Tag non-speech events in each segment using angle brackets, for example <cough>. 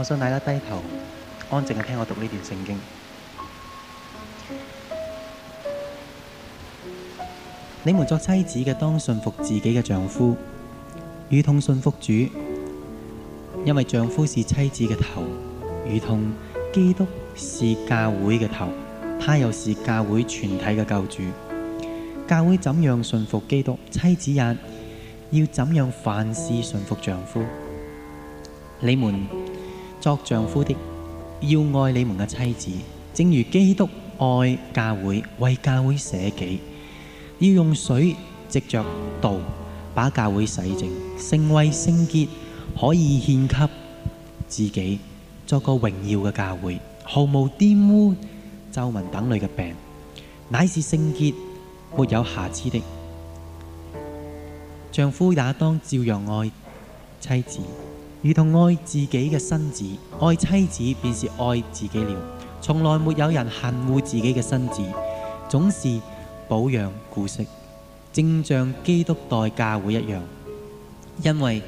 我想大家低頭安靜嘅聽我讀呢段聖經。你們作妻子嘅當順服自己嘅丈夫，如同順服主，因為丈夫是妻子嘅頭；如同基督是教會嘅頭，他又是教會全體嘅救主。教會怎樣順服基督，妻子也要怎樣凡事順服丈夫。你們。作丈夫的要愛你們嘅妻子，正如基督愛教會，為教會捨己，要用水藉着道把教會洗淨，成為聖潔，可以獻給自己，作個榮耀嘅教會，毫無玷污、皺紋等類嘅病，乃是聖潔、沒有瑕疵的。丈夫也當照樣愛妻子。如同愛自己嘅身子，愛妻子便是愛自己了。從來沒有人恨惡自己嘅身子，總是保養顧惜，正像基督待教會一樣。因為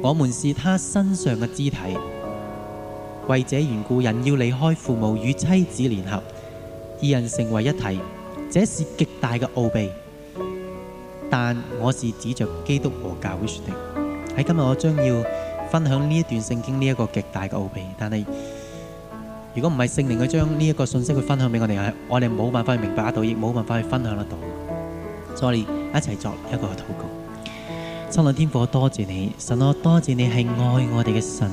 我們是他身上嘅肢體，為這緣故，人要離開父母與妻子聯合，二人成為一體，這是極大嘅奧秘。但我是指着基督和教會說的。喺今日，我將要。分享呢一段聖經呢一個極大嘅奧祕，但係如果唔係聖靈佢將呢一個信息去分享俾我哋，係我哋冇辦法去明白得到，亦冇辦法去分享得到。所以一齊作一個禱告。神啊，天父，多謝你，神啊，多謝你係愛我哋嘅神。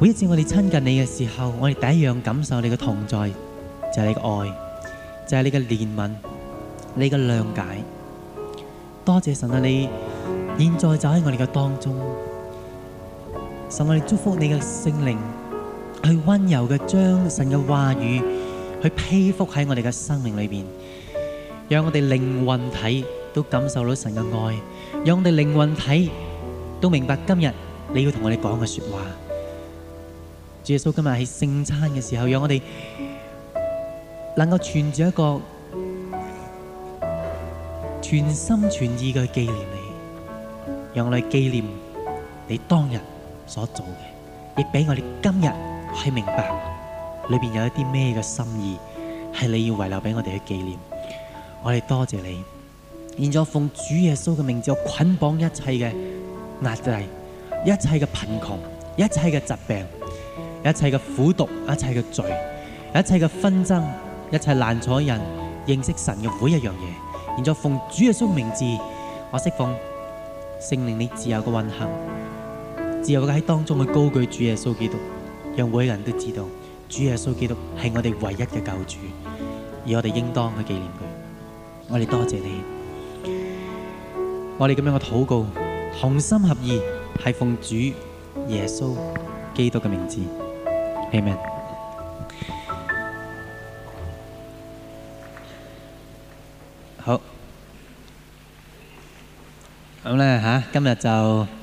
每一次我哋親近你嘅時候，我哋第一樣感受你嘅同在，就係你嘅愛，就係你嘅憐憫，你嘅諒解。多謝神啊你，你現在就喺我哋嘅當中。神我哋祝福你嘅聖靈，去温柔嘅將神嘅話語去披覆喺我哋嘅生命裏邊，讓我哋靈魂體都感受到神嘅愛，讓我哋靈魂體都明白今日你要同我哋講嘅說話。主耶穌今日喺聖餐嘅時候，讓我哋能夠存住一個全心全意嘅紀念你，讓我哋紀念你當日所做嘅，亦俾我哋今日係明白裏邊有一啲咩嘅心意，係你要遺留俾我哋嘅紀念。我哋多謝你。現在奉主耶穌嘅名字，我捆綁一切嘅壓制，一切嘅貧窮，一切嘅疾病，一切嘅苦毒，一切嘅罪，一切嘅紛爭，一切難處人，人認識神嘅每一樣嘢。現在奉主耶穌名字，我釋放聖靈，你自由嘅運行。自由嘅喺當中去高舉主耶穌基督，讓每個人都知道主耶穌基督係我哋唯一嘅救主，而我哋應當去紀念佢。我哋多謝，謝你，我哋咁樣嘅禱告同心合意，係奉主耶穌基督嘅名字。Amen。好，咁咧吓，今日就。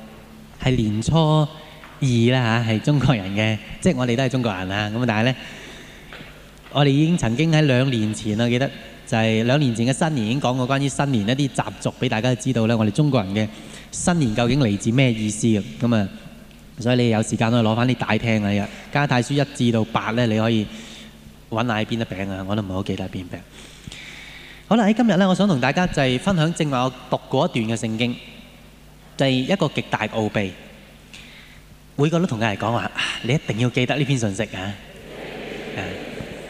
係年初二啦嚇，係中國人嘅，即係我哋都係中國人啊，咁，但係咧，我哋已經曾經喺兩年前啦，我記得就係兩年前嘅新年已經講過關於新年一啲習俗，俾大家知道咧，我哋中國人嘅新年究竟嚟自咩意思咁啊，所以你有時間可以攞翻啲大聽啊，家太書一至到八咧，你可以揾下喺邊一病啊，我都唔好記得喺邊病。好啦，喺今日咧，我想同大家就係分享，正話我讀過一段嘅聖經。就係一個極大嘅奧秘。每個人都同佢哋講話，你一定要記得呢篇信息啊。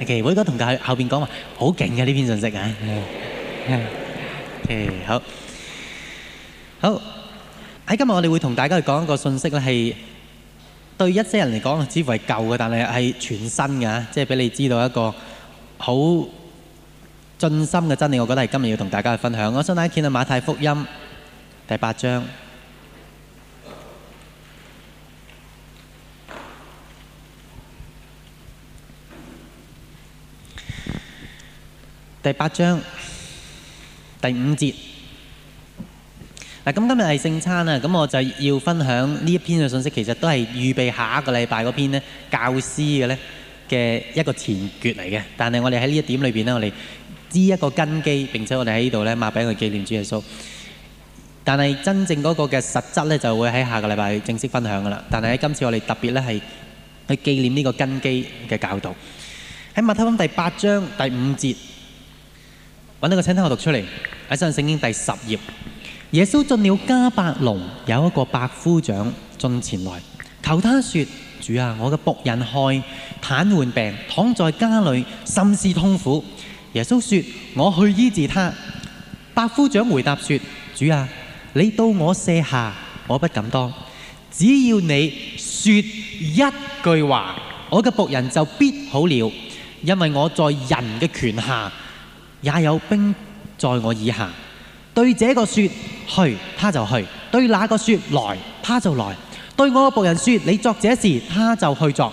OK，每個人都同佢後邊講話，好勁嘅呢篇信息啊。好，喺今日我哋會同大家去講一個信息咧，係對一些人嚟講，似乎係舊嘅，但係係全新嘅，即係俾你知道一個好盡心嘅真理。我覺得係今日要同大家去分享。我想帶你見到，《馬太福音》第八章。第八章第五節嗱，咁今日係聖餐啊，咁我就要分享呢一篇嘅信息，其實都係預備下一個禮拜嗰篇咧，教師嘅咧嘅一個前橛嚟嘅。但係我哋喺呢一點裏邊咧，我哋知一個根基，並且我哋喺呢度咧，擘餅紀念主耶穌。但係真正嗰個嘅實質呢，就會喺下個禮拜正式分享噶啦。但係喺今次我哋特別呢係去紀念呢個根基嘅教導。喺馬太福音第八章第五節。搵到個請聽我讀出嚟，喺新聖經第十頁，耶穌進了迦百農，有一個百夫長進前來求他說：主啊，我嘅僕人害癱瘓病，躺在家裏甚是痛苦。耶穌說：我去醫治他。百夫長回答說：主啊，你到我舍下，我不敢當。只要你說一句話，我嘅僕人就必好了，因為我在人嘅權下。也有兵在我以下，對這個說去，他就去；對那個說來，他就來；對我僕人說你作這事，他就去作。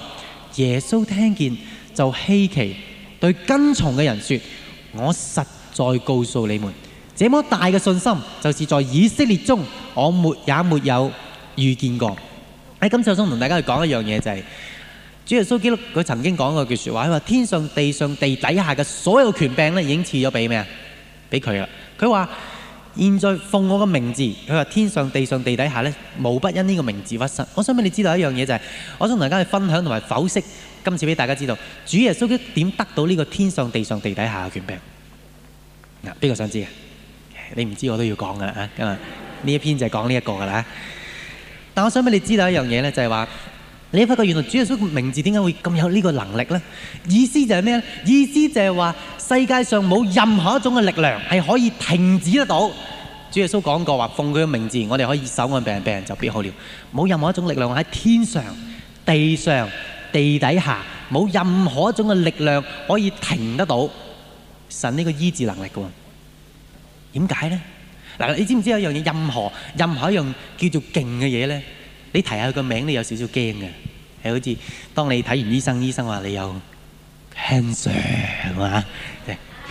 耶穌聽見就稀奇，對跟從嘅人說：我實在告訴你們，這麼大嘅信心，就是在以色列中，我沒也沒有遇見過。喺、哎、今次我想同大家去講一樣嘢就係、是。主耶穌基督佢曾經講過句說話，佢話天上地上地底下嘅所有權柄咧，已經賜咗俾咩啊？俾佢啦。佢話現在奉我個名字，佢話天上地上地底下咧，無不因呢個名字屈身。我想俾你知道一樣嘢就係、是，我想同大家去分享同埋剖析今次俾大家知道，主耶穌基督點得到呢個天上地上地底下嘅權柄？嗱，邊個想知啊？你唔知我都要講噶啦啊！今日，呢一篇就係講呢一個噶啦。但我想俾你知道一樣嘢咧，就係話。你發覺原來主耶穌個名字點解會咁有呢個能力咧？意思就係咩咧？意思就係話世界上冇任何一種嘅力量係可以停止得到。主耶穌講過話：奉佢嘅名字，我哋可以手按病人，病人就必好了。冇任何一種力量喺天上、地上、地底下，冇任何一種嘅力量可以停得到神呢個醫治能力嘅喎。點解咧？嗱，你知唔知有一樣嘢？任何任何一樣叫做勁嘅嘢咧，你提下佢個名咧，你有少少驚嘅。你好似當你睇完醫生，醫生話你有 cancer 係嘛？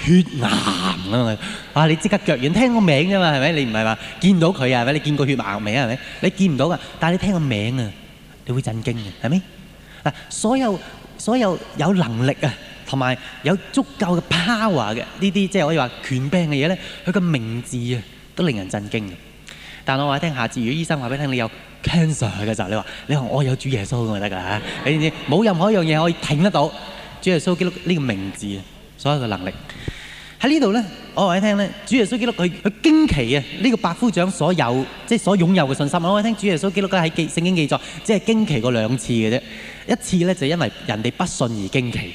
血癌啊嘛！啊，你即刻腳軟，聽個名啫嘛，係咪？你唔係話見唔到佢啊？係咪？你見過血癌名啊？係咪？你見唔到㗎，但係你聽個名啊，你會震驚嘅，係咪？嗱，所有所有有能力啊，同埋有，有足夠嘅 power 嘅呢啲，即係、就是、可以話權柄嘅嘢咧，佢個名字啊，都令人震驚。但我話聽，下次如果醫生話俾你聽你有 cancer 嘅時候，你話你話我有主耶穌，咁咪得㗎！你知冇任何一樣嘢可以停得到主耶穌基督呢個名字啊！所有嘅能力喺呢度咧，我話你聽咧，主耶穌基督佢，佢驚奇啊！呢個百夫長所有即係、就是、所擁有嘅信心，我話你聽，主耶穌基督咧喺聖經記載，只係驚奇過兩次嘅啫。一次咧就是、因為人哋不信而驚奇。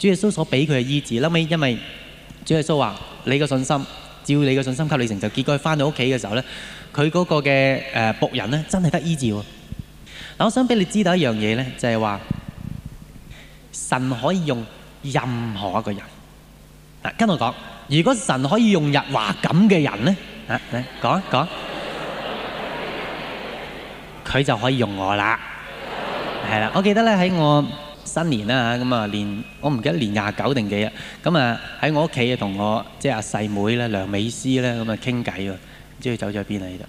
主耶穌所俾佢嘅醫治，後屘因為主耶穌話你嘅信心，照你嘅信心給你成就。結果翻到屋企嘅時候咧，佢嗰個嘅誒僕人咧真係得醫治。嗱，我想俾你知道一樣嘢咧，就係話神可以用任何一個人。嗱，跟我講，如果神可以用日華咁嘅人咧，吓嚟，講講，佢就可以用我啦。係啦，我記得咧喺我。新年啦咁啊年，我唔記得年廿九定幾日，咁啊喺我屋企啊，同我即係阿細妹咧，梁美詩咧，咁啊傾偈喎。唔知佢走咗去邊啊？依度，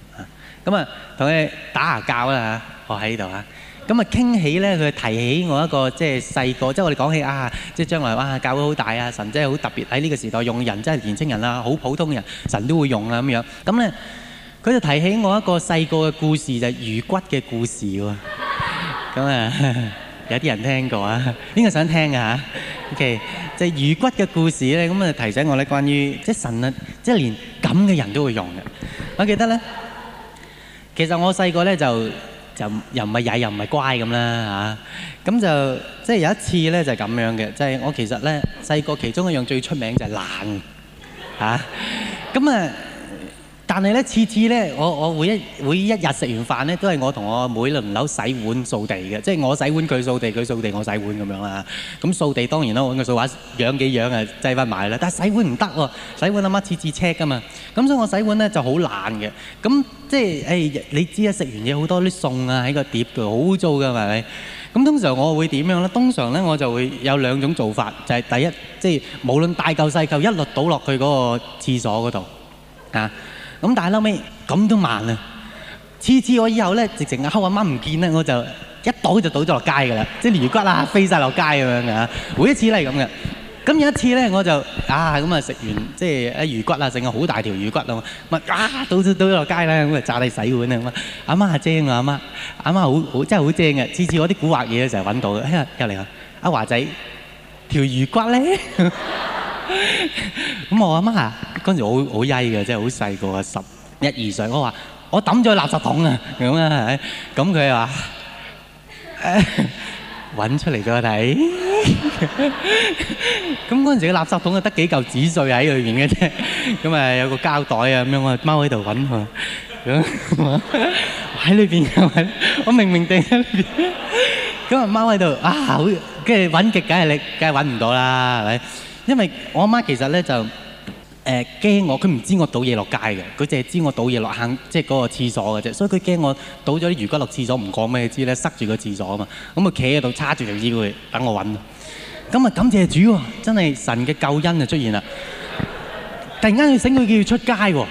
咁啊同佢打下交啦嚇，我喺呢度啊。咁啊傾起咧，佢提起我一個即係細個，即係我哋講起啊，即係將來哇、啊、教會好大啊，神真係好特別喺呢個時代用人，真係年青人啊，好普通人，神都會用啊咁樣。咁咧，佢就提起我一個細個嘅故事，就係、魚骨嘅故事喎。咁啊～ <laughs> 有啲人聽過啊？邊個想聽啊？O.K. 就魚骨嘅故事咧，咁啊提醒我咧，關於即係神啊，即係連咁嘅人都會用嘅。我記得咧，其實我細個咧就就又唔係曳，又唔係乖咁啦嚇。咁就即係有一次咧就係咁樣嘅，即係我其實咧細個其中一樣最出名就係懶嚇。咁啊～但係咧，次次咧，我我每一每一日食完飯咧，都係我同我阿妹輪流洗碗掃地嘅，即係我洗碗佢掃地，佢掃地我洗碗咁樣啦。咁掃地當然啦，我用個掃把，樣幾樣啊，擠翻埋啦。但係洗碗唔得喎，洗碗阿媽次次 check 噶嘛。咁所以我洗碗咧就好懶嘅。咁即係誒、哎，你知啊，食完嘢好多啲餸啊喺個碟度，好污糟㗎，係咪？咁通常我會點樣咧？通常咧我就會有兩種做法，就係第一，即係無論大嚿細嚿，一律倒落去嗰個廁所嗰度啊。咁但係撈尾咁都慢啦。次次我以後咧，直情啊，舅阿媽唔見啦，我就一倒就倒咗落街噶啦，即係魚骨啊飛晒落街咁樣嘅。每一次都係咁嘅。咁有一次咧，我就啊咁啊食完即係一魚骨啊，剩個好大條魚骨啊，咪啊倒咗倒咗落街啦，咁啊炸你洗碗啦咁、哎、啊。阿媽阿精啊阿媽，阿媽好好真係好精嘅。次次我啲古惑嘢咧就係揾到嘅。哎呀又嚟啊，阿華仔條魚骨咧。咁 <laughs> 我阿媽啊。嗰陣時好好曳嘅，即係好細個啊，十一二歲。我話我抌咗喺垃圾桶啊，咁啊，係咁佢又話揾出嚟俾我睇。咁嗰陣時嘅垃圾桶啊，得幾嚿紙碎喺裏面嘅啫。咁啊，有個膠袋啊，咁我踎喺度揾佢，咁我喺裏面揾，我明明見喺裏面，咁啊踎喺度啊，好，跟住揾極梗係你梗係揾唔到啦，係咪？因為我阿媽其實咧就。誒驚我，佢唔知我倒嘢落街嘅，佢淨係知我倒嘢落坑，即係嗰個廁所嘅啫。所以佢驚我倒咗啲魚骨落廁所，唔講咩知咧，塞住個廁所啊嘛。咁啊，企喺度叉住條腰佢，等我揾。咁啊，感謝主喎，真係神嘅救恩就出現啦。突然間佢醒佢叫佢出街喎，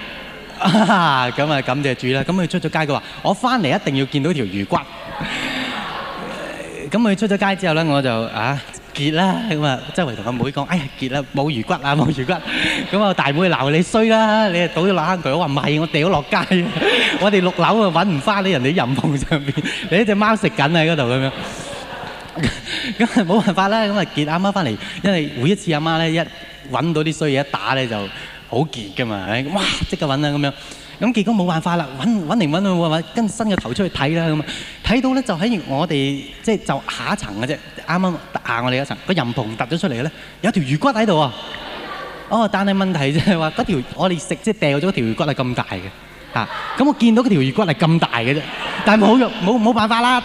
咁啊那感謝主啦。咁佢出咗街，佢話：我翻嚟一定要見到條魚骨。咁佢出咗街之後咧，我就啊。結啦，咁啊，周圍同阿妹講，哎呀，結啦，冇魚骨啊，冇魚骨。咁啊，大妹鬧你衰啦，你啊倒咗落坑渠。我話唔係，我掉咗落街。我哋六樓啊揾唔翻你人哋任放上邊，你隻貓食緊喺嗰度咁樣。咁係冇辦法啦。咁啊，結阿媽翻嚟，因為每一次阿媽咧一揾到啲衰嘢一打咧就好結噶嘛。唉，哇，即刻揾啦咁樣。咁結果冇辦法啦，搵揾嚟搵去喎，咪跟新嘅頭出去睇啦，咁睇到咧就喺我哋即係就下一層嘅啫，啱啱突下我哋一層個任鴻突咗出嚟嘅咧，有條魚骨喺度喎，哦，但係問題就係話嗰條我哋食即係掉咗嗰條魚骨係咁大嘅。咁、啊、我見到嗰條魚骨係咁大嘅啫，但係冇辦法啦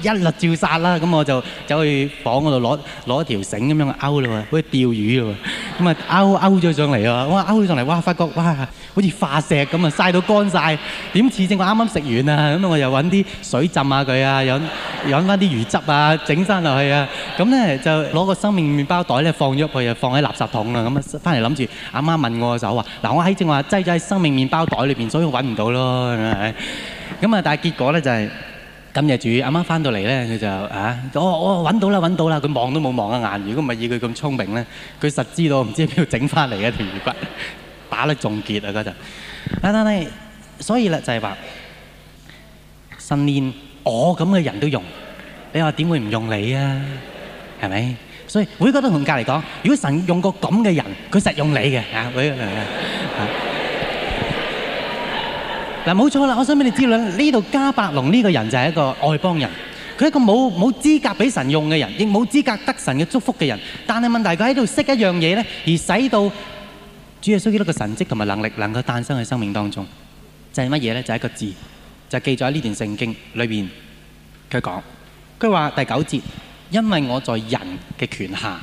一律照殺啦！咁我就走去房嗰度攞攞一條繩咁樣勾咯喎，好似釣魚喎。咁啊勾勾咗上嚟喎，我勾咗上嚟哇，發覺哇，好似化石咁啊，晒到乾晒。點似正我啱啱食完啊？咁我又揾啲水浸下佢啊，又揾翻啲魚汁啊，整翻落去啊。咁咧就攞個生命麵包袋咧放咗佢，又放喺垃圾桶啊。咁啊翻嚟諗住阿媽問我嘅時候話：嗱，我喺正話擠咗喺生命麵包袋裏邊，所以揾唔到咯，係咪？咁啊，但係結果咧就係、是。諗嘢煮，啱啱翻到嚟咧，佢就嚇我我揾到啦，揾到啦，佢望都冇望一眼。如果唔係以佢咁聰明咧，佢實知道唔知邊度整翻嚟嘅條魚骨，打得仲結啊！嗰陣，但係所以啦，就係話，神連我咁嘅人都用，你話點會唔用你啊？係咪？所以會覺得同隔離講，如果神用過咁嘅人，佢實用你嘅啊！會。嗱，冇錯啦！我想俾你知道，呢度加百隆呢個人就係一個外邦人，佢係一個冇冇資格俾神用嘅人，亦冇資格得神嘅祝福嘅人。但係問題是，佢喺度識一樣嘢咧，而使到主耶穌基督嘅神跡同埋能力能夠誕生喺生命當中，就係乜嘢咧？就係一個字，就記咗喺呢段聖經裏邊。佢講佢話第九節，因為我在人嘅權下，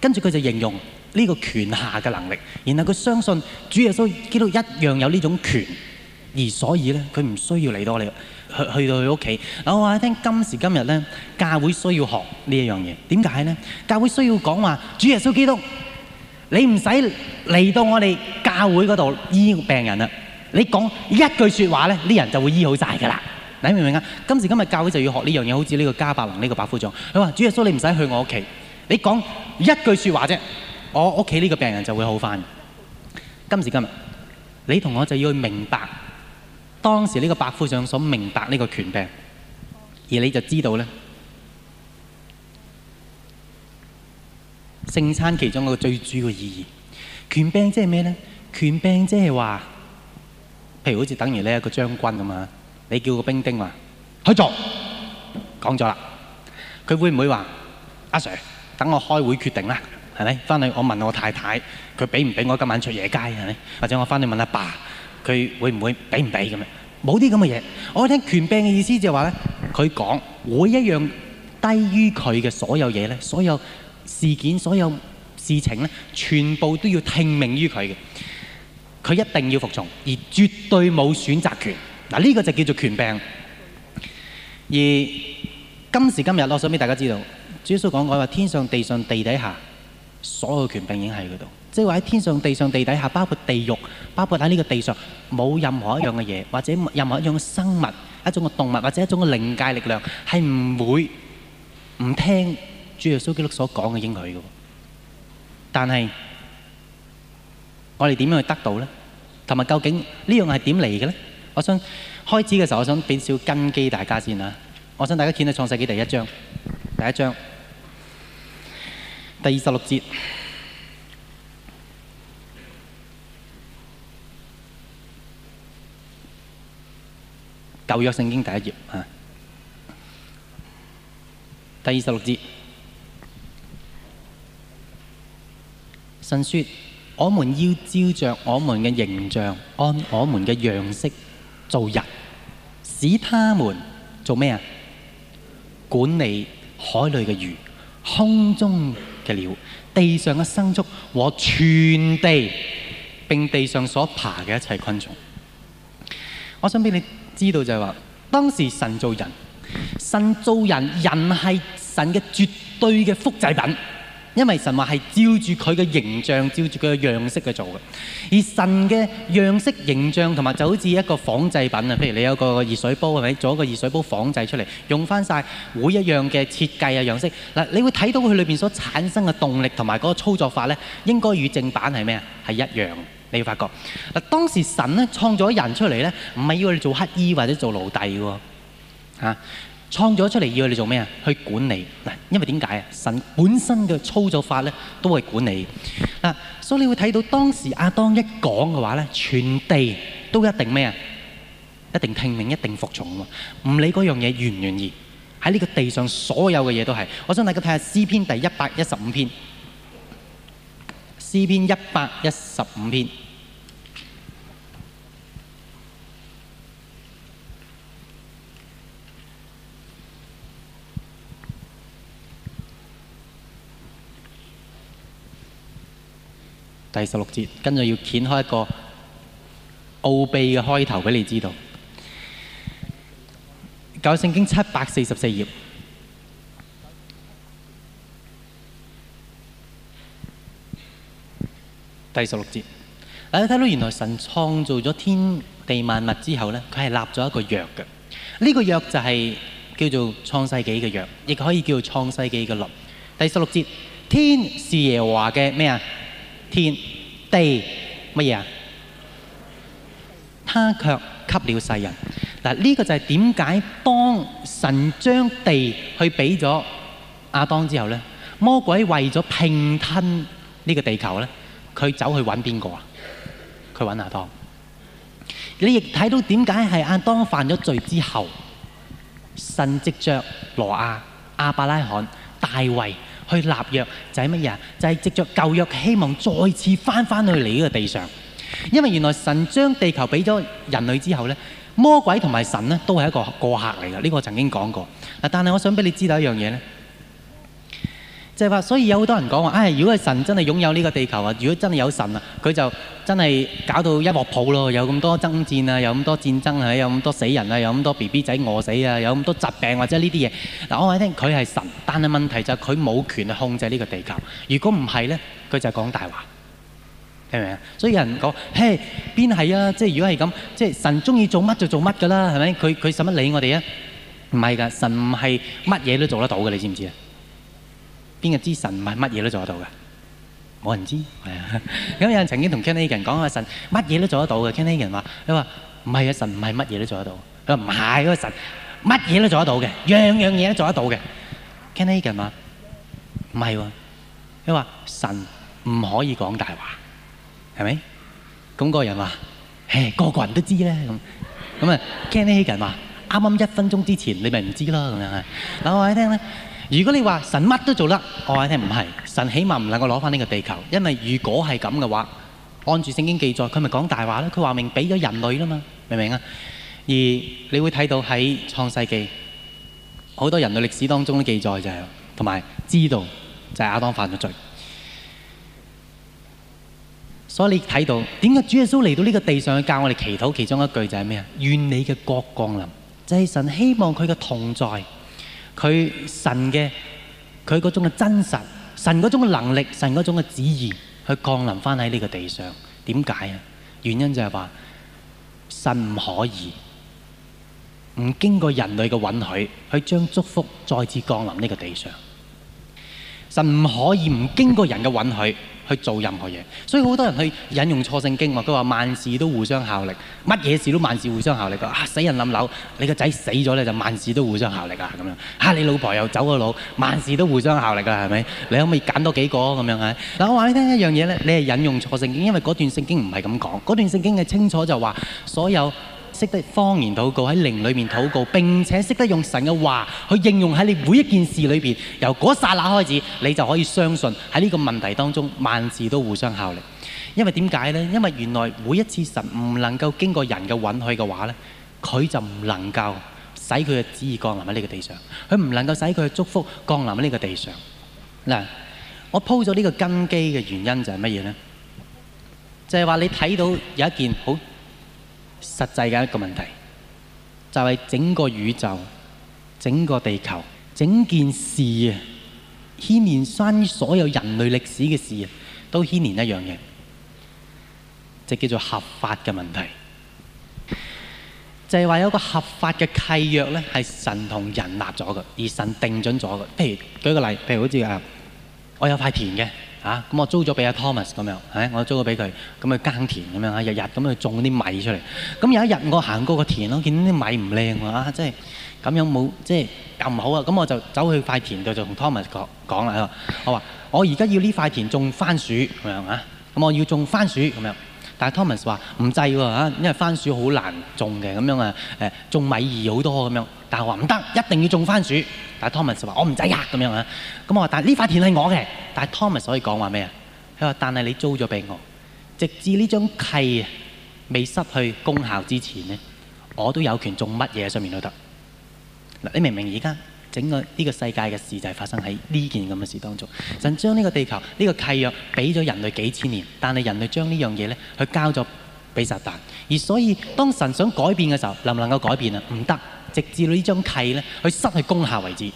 跟住佢就形容呢個權下嘅能力。然後佢相信主耶穌基督一樣有呢種權。而所以咧，佢唔需要嚟到我哋去去到佢屋企。我話你聽，今時今日咧，教會需要學呢一樣嘢。點解咧？教會需要講話，主耶穌基督，你唔使嚟到我哋教會嗰度醫病人啦。你講一句說話咧，呢人就會醫好晒噶啦。你明唔明啊？今時今日教會就要學呢樣嘢，好似呢個迦百農呢個百夫長，佢話主耶穌，你唔使去我屋企，你講一句說話啫，我屋企呢個病人就會好返。今時今日，你同我就要去明白。當時呢個百夫長所明白呢個權柄，而你就知道咧，聖餐其中一個最主要嘅意義。權柄即係咩咧？權柄即係話，譬如好似等於呢一個將軍咁啊，你叫個兵丁話去做，講咗啦。佢會唔會話阿、啊、Sir，等我開會決定啦？係咪？返去我問我太太，佢俾唔俾我今晚出夜街？係咪？或者我返去問阿爸？佢會唔會俾唔俾咁樣？冇啲咁嘅嘢。我聽權柄嘅意思就係話咧，佢講每一樣低於佢嘅所有嘢咧，所有事件、所有事情咧，全部都要聽命於佢嘅。佢一定要服從，而絕對冇選擇權。嗱、這、呢個就叫做權柄。而今時今日，我想俾大家知道，主耶穌講：我話天上、地上、地底下，所有權柄已經喺佢度。即係話喺天上、地上、地底下，包括地獄，包括喺呢個地上，冇任何一樣嘅嘢，或者任何一樣嘅生物、一種嘅動物，或者一種嘅靈界力量，係唔會唔聽主耶穌基督所講嘅應許嘅。但係我哋點樣去得到呢？同埋究竟呢樣係點嚟嘅呢？我想開始嘅時候，我想俾少根基大家先啊！我想大家見到創世紀第一章，第一章第二十六節。舊約聖經第一頁啊，第二十六節，神說：我們要照着我們嘅形象，按我們嘅樣式做人，使他們做咩啊？管理海裏嘅魚、空中嘅鳥、地上嘅牲畜和全地，並地上所爬嘅一切昆蟲。我想俾你。知道就係話，當時神造人，神造人，人係神嘅絕對嘅複製品。因為神話係照住佢嘅形象、照住佢嘅樣式去做嘅，而神嘅樣式、形象同埋就好似一個仿製品啊。譬如你有個熱水煲，係咪？做一個熱水煲仿製出嚟，用翻晒每一樣嘅設計啊、樣式嗱，你會睇到佢裏邊所產生嘅動力同埋嗰個操作法咧，應該與正版係咩啊？係一樣，你會發覺嗱。當時神咧創造咗人出嚟咧，唔係要你做乞衣或者做奴隸嘅喎嚇。創咗出嚟要你做咩啊？去管理。因為點解？神本身嘅操作法都會管理。所以你會睇到當時阿當一講嘅話，全地都一定咩啊？一定聽命，一定服從啊！唔理嗰樣嘢願唔願意，喺呢個地上所有嘅嘢都係。我想大家睇下詩篇第一百一十五篇，詩篇一百一十五篇。第十六節，跟住，要掀開一個奧秘嘅開頭俾你知道。九聖經七百四十四頁，第十六節。大家睇到原來神創造咗天地萬物之後呢，佢係立咗一個約嘅。呢個約就係叫做創世紀嘅約，亦可以叫做創世紀嘅律。第十六節，天是耶和華嘅咩啊？天地乜嘢啊？他卻給了世人嗱，呢個就係點解當神將地去俾咗亞當之後咧，魔鬼為咗併吞呢個地球咧，佢走去搵邊個啊？佢搵亞當。你亦睇到點解係亞當犯咗罪之後，神藉着羅亞、亞伯拉罕、大衛。去立約就係乜嘢？就係、是、藉着舊約，希望再次返返去你呢個地上，因為原來神將地球俾咗人類之後咧，魔鬼同埋神咧都係一個過客嚟㗎。呢、呢個我曾經講過，但係我想俾你知道一樣嘢咧。就係話，所以有好多人講話：唉、哎，如果係神真係擁有呢個地球啊，如果真係有神啊，佢就真係搞到一鑊泡咯，有咁多爭戰啊，有咁多戰爭啊，有咁多死人啊，有咁多 B B 仔餓死啊，有咁多疾病、啊、或者呢啲嘢。嗱，我話你聽，佢係神，但係問題就係佢冇權去控制呢個地球。如果唔係咧，佢就係講大話，明唔明啊？所以有人講：嘿，邊係啊？即係如果係咁，即係神中意做乜就做乜㗎啦，係咪？佢佢使乜理我哋啊？唔係㗎，神唔係乜嘢都做得到嘅，你知唔知啊？邊個知神唔係乜嘢都做得到嘅，冇人知。係啊，咁有人曾經同 Kenan 講話神乜嘢都做得到嘅。Kenan 話：你話唔係啊，神唔係乜嘢都做得到。佢話唔係，嗰個神乜嘢都做得到嘅，樣樣嘢都做得到嘅。Kenan 話：唔係喎，佢話神唔可以講大話，係咪？咁嗰個人話：誒，個個人都知咧。咁咁啊，Kenan 話：啱啱一分鐘之前你咪唔知咯咁樣係。嗱，我話你聽咧。如果你話神乜都做得，我話你聽唔係，神起碼唔能夠攞翻呢個地球。因為如果係咁嘅話，按住聖經記載，佢咪講大話咧？佢話明俾咗人類啦嘛，明唔明啊？而你會睇到，喺創世記，好多人類歷史當中嘅記載就係，同埋知道就係亞當犯咗罪，所以你睇到點解主耶穌嚟到呢個地上去教我哋祈禱其中一句就係咩啊？願你嘅國降臨，就係神希望佢嘅同在。佢神嘅佢嗰種嘅真實，神嗰種嘅能力，神嗰種嘅旨意，去降臨翻喺呢個地上。點解啊？原因就係話神唔可以唔經過人類嘅允許，去將祝福再次降臨呢個地上。就唔可以唔經過人嘅允許去做任何嘢，所以好多人去引用錯聖經喎。佢話萬事都互相效力，乜嘢事都萬事互相效力。佢、啊、話死人冧樓，你個仔死咗咧就萬事都互相效力啊咁樣。嚇、啊、你老婆又走咗佬，萬事都互相效力㗎係咪？你可唔可以揀多幾個咁樣啊？嗱，我話你聽一樣嘢咧，你係引用錯聖經，因為嗰段聖經唔係咁講，嗰段聖經係清楚就話所有。識得方言禱告喺靈裏面禱告，並且識得用神嘅話去應用喺你每一件事裏邊。由嗰剎那開始，你就可以相信喺呢個問題當中，萬事都互相效力。因為點解呢？因為原來每一次神唔能夠經過人嘅允許嘅話呢，佢就唔能夠使佢嘅旨意降臨喺呢個地上，佢唔能夠使佢嘅祝福降臨喺呢個地上。嗱，我鋪咗呢個根基嘅原因就係乜嘢呢？就係話你睇到有一件好實際嘅一個問題，就係整個宇宙，整個地球，整件事啊，牽連翻所有人類歷史嘅事啊，都牽連一樣嘢，就叫做合法嘅問題。就係話有一個合法嘅契約咧，係神同人立咗嘅，而神定准咗嘅。譬如舉個例，譬如好似誒，我有塊田嘅。嚇！咁我租咗俾阿 Thomas 咁樣，唉，我租咗俾佢，咁去耕田咁樣啊，日日咁去種啲米出嚟。咁有一日我行過個田咯，見啲米唔靚啊，即係咁樣冇，即係又唔好啊。咁我就走去塊田度就同 Thomas 講講啦。我話：我而家要呢塊田種番薯咁樣啊，咁我要種番薯咁樣。但係 Thomas 話唔制喎嚇，因為番薯好難種嘅，咁樣啊誒種米易好多咁樣。但我話唔得，一定要種番薯。但 Thomas 就話：我唔使呀咁樣啊！咁我話：但係呢塊田係我嘅。但係 Thomas 可以講話咩啊？佢話：但係你租咗俾我，直至呢張契未失去功效之前咧，我都有權做乜嘢喺上面都得。嗱，你明唔明而家整個呢個世界嘅事就係發生喺呢件咁嘅事當中。神將呢個地球呢個契約俾咗人類幾千年，但係人類將呢樣嘢咧去交咗俾撒旦。而所以當神想改變嘅時候，能唔能夠改變啊？唔得。直至到呢張契咧，佢失去功效為止。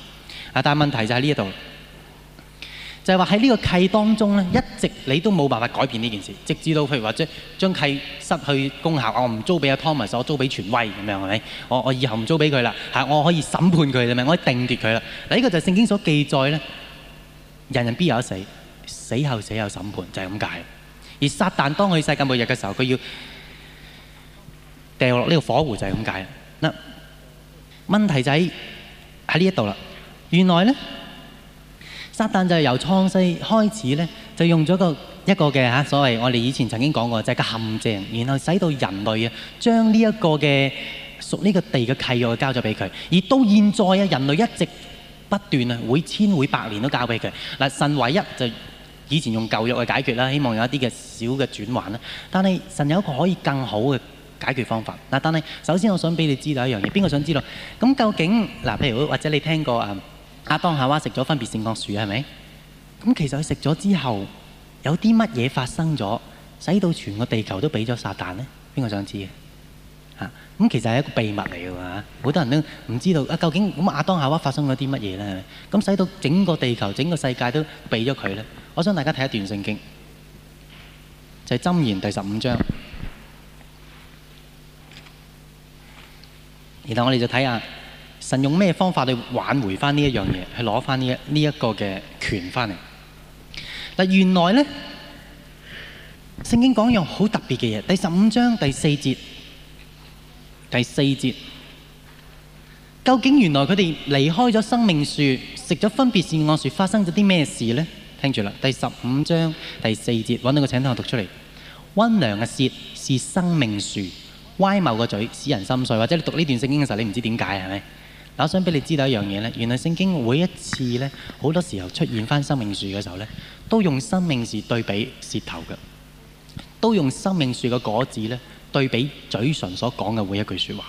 啊，但係問題就喺呢一度，就係話喺呢個契當中咧，一直你都冇辦法改變呢件事。直至到譬如話即係將契失去功效，我唔租俾阿 Thomas，我租俾權威咁樣係咪？我我以後唔租俾佢啦。係我可以審判佢係咪？我可以定奪佢啦。嗱，呢個就係聖經所記載咧，人人必有一死，死後死有審判，就係咁解。而撒旦當佢世界末日嘅時候，佢要掉落呢個火湖，就係咁解啦。問題就喺呢一度啦。原來呢，撒旦就係由創世開始呢，就用咗個一個嘅嚇所謂，我哋以前曾經講過，就係個陷阱，然後使到人類啊，將呢一個嘅屬呢個地嘅契約交咗俾佢。而到現在啊，人類一直不斷啊，會千會百年都交俾佢嗱。神唯一就以前用舊約去解決啦，希望有一啲嘅小嘅轉換啦。但係神有一個可以更好嘅。解決方法嗱，但係首先我想俾你知道一樣嘢，邊個想知道？咁究竟嗱，譬如或者你聽過啊，亞當夏娃食咗分別善惡樹啊，係咪？咁其實佢食咗之後，有啲乜嘢發生咗，使到全個地球都俾咗撒旦呢？邊個想知嘅？咁、啊、其實係一個秘密嚟㗎嘛，好多人都唔知道啊。究竟咁亞當夏娃發生咗啲乜嘢呢？係咪？咁使到整個地球、整個世界都俾咗佢呢？我想大家睇一段聖經，就係、是、箴言第十五章。然後我哋就睇下神用咩方法去挽回翻呢一樣嘢，去攞翻呢一呢一個嘅權翻嚟。嗱，原來咧，聖經講一樣好特別嘅嘢，第十五章第四節，第四節，究竟原來佢哋離開咗生命樹，食咗分別善惡樹，發生咗啲咩事咧？聽住啦，第十五章第四節，揾到個請台我讀出嚟，溫良嘅舌是生命樹。乖謬嘅嘴使人心碎，或者你讀呢段聖經嘅時候，你唔知點解係咪？嗱，我想俾你知道一樣嘢呢：原來聖經每一次呢，好多時候出現翻生命樹嘅時候呢，都用生命樹對比舌頭嘅，都用生命樹嘅果子呢對比嘴唇所講嘅每一句説話。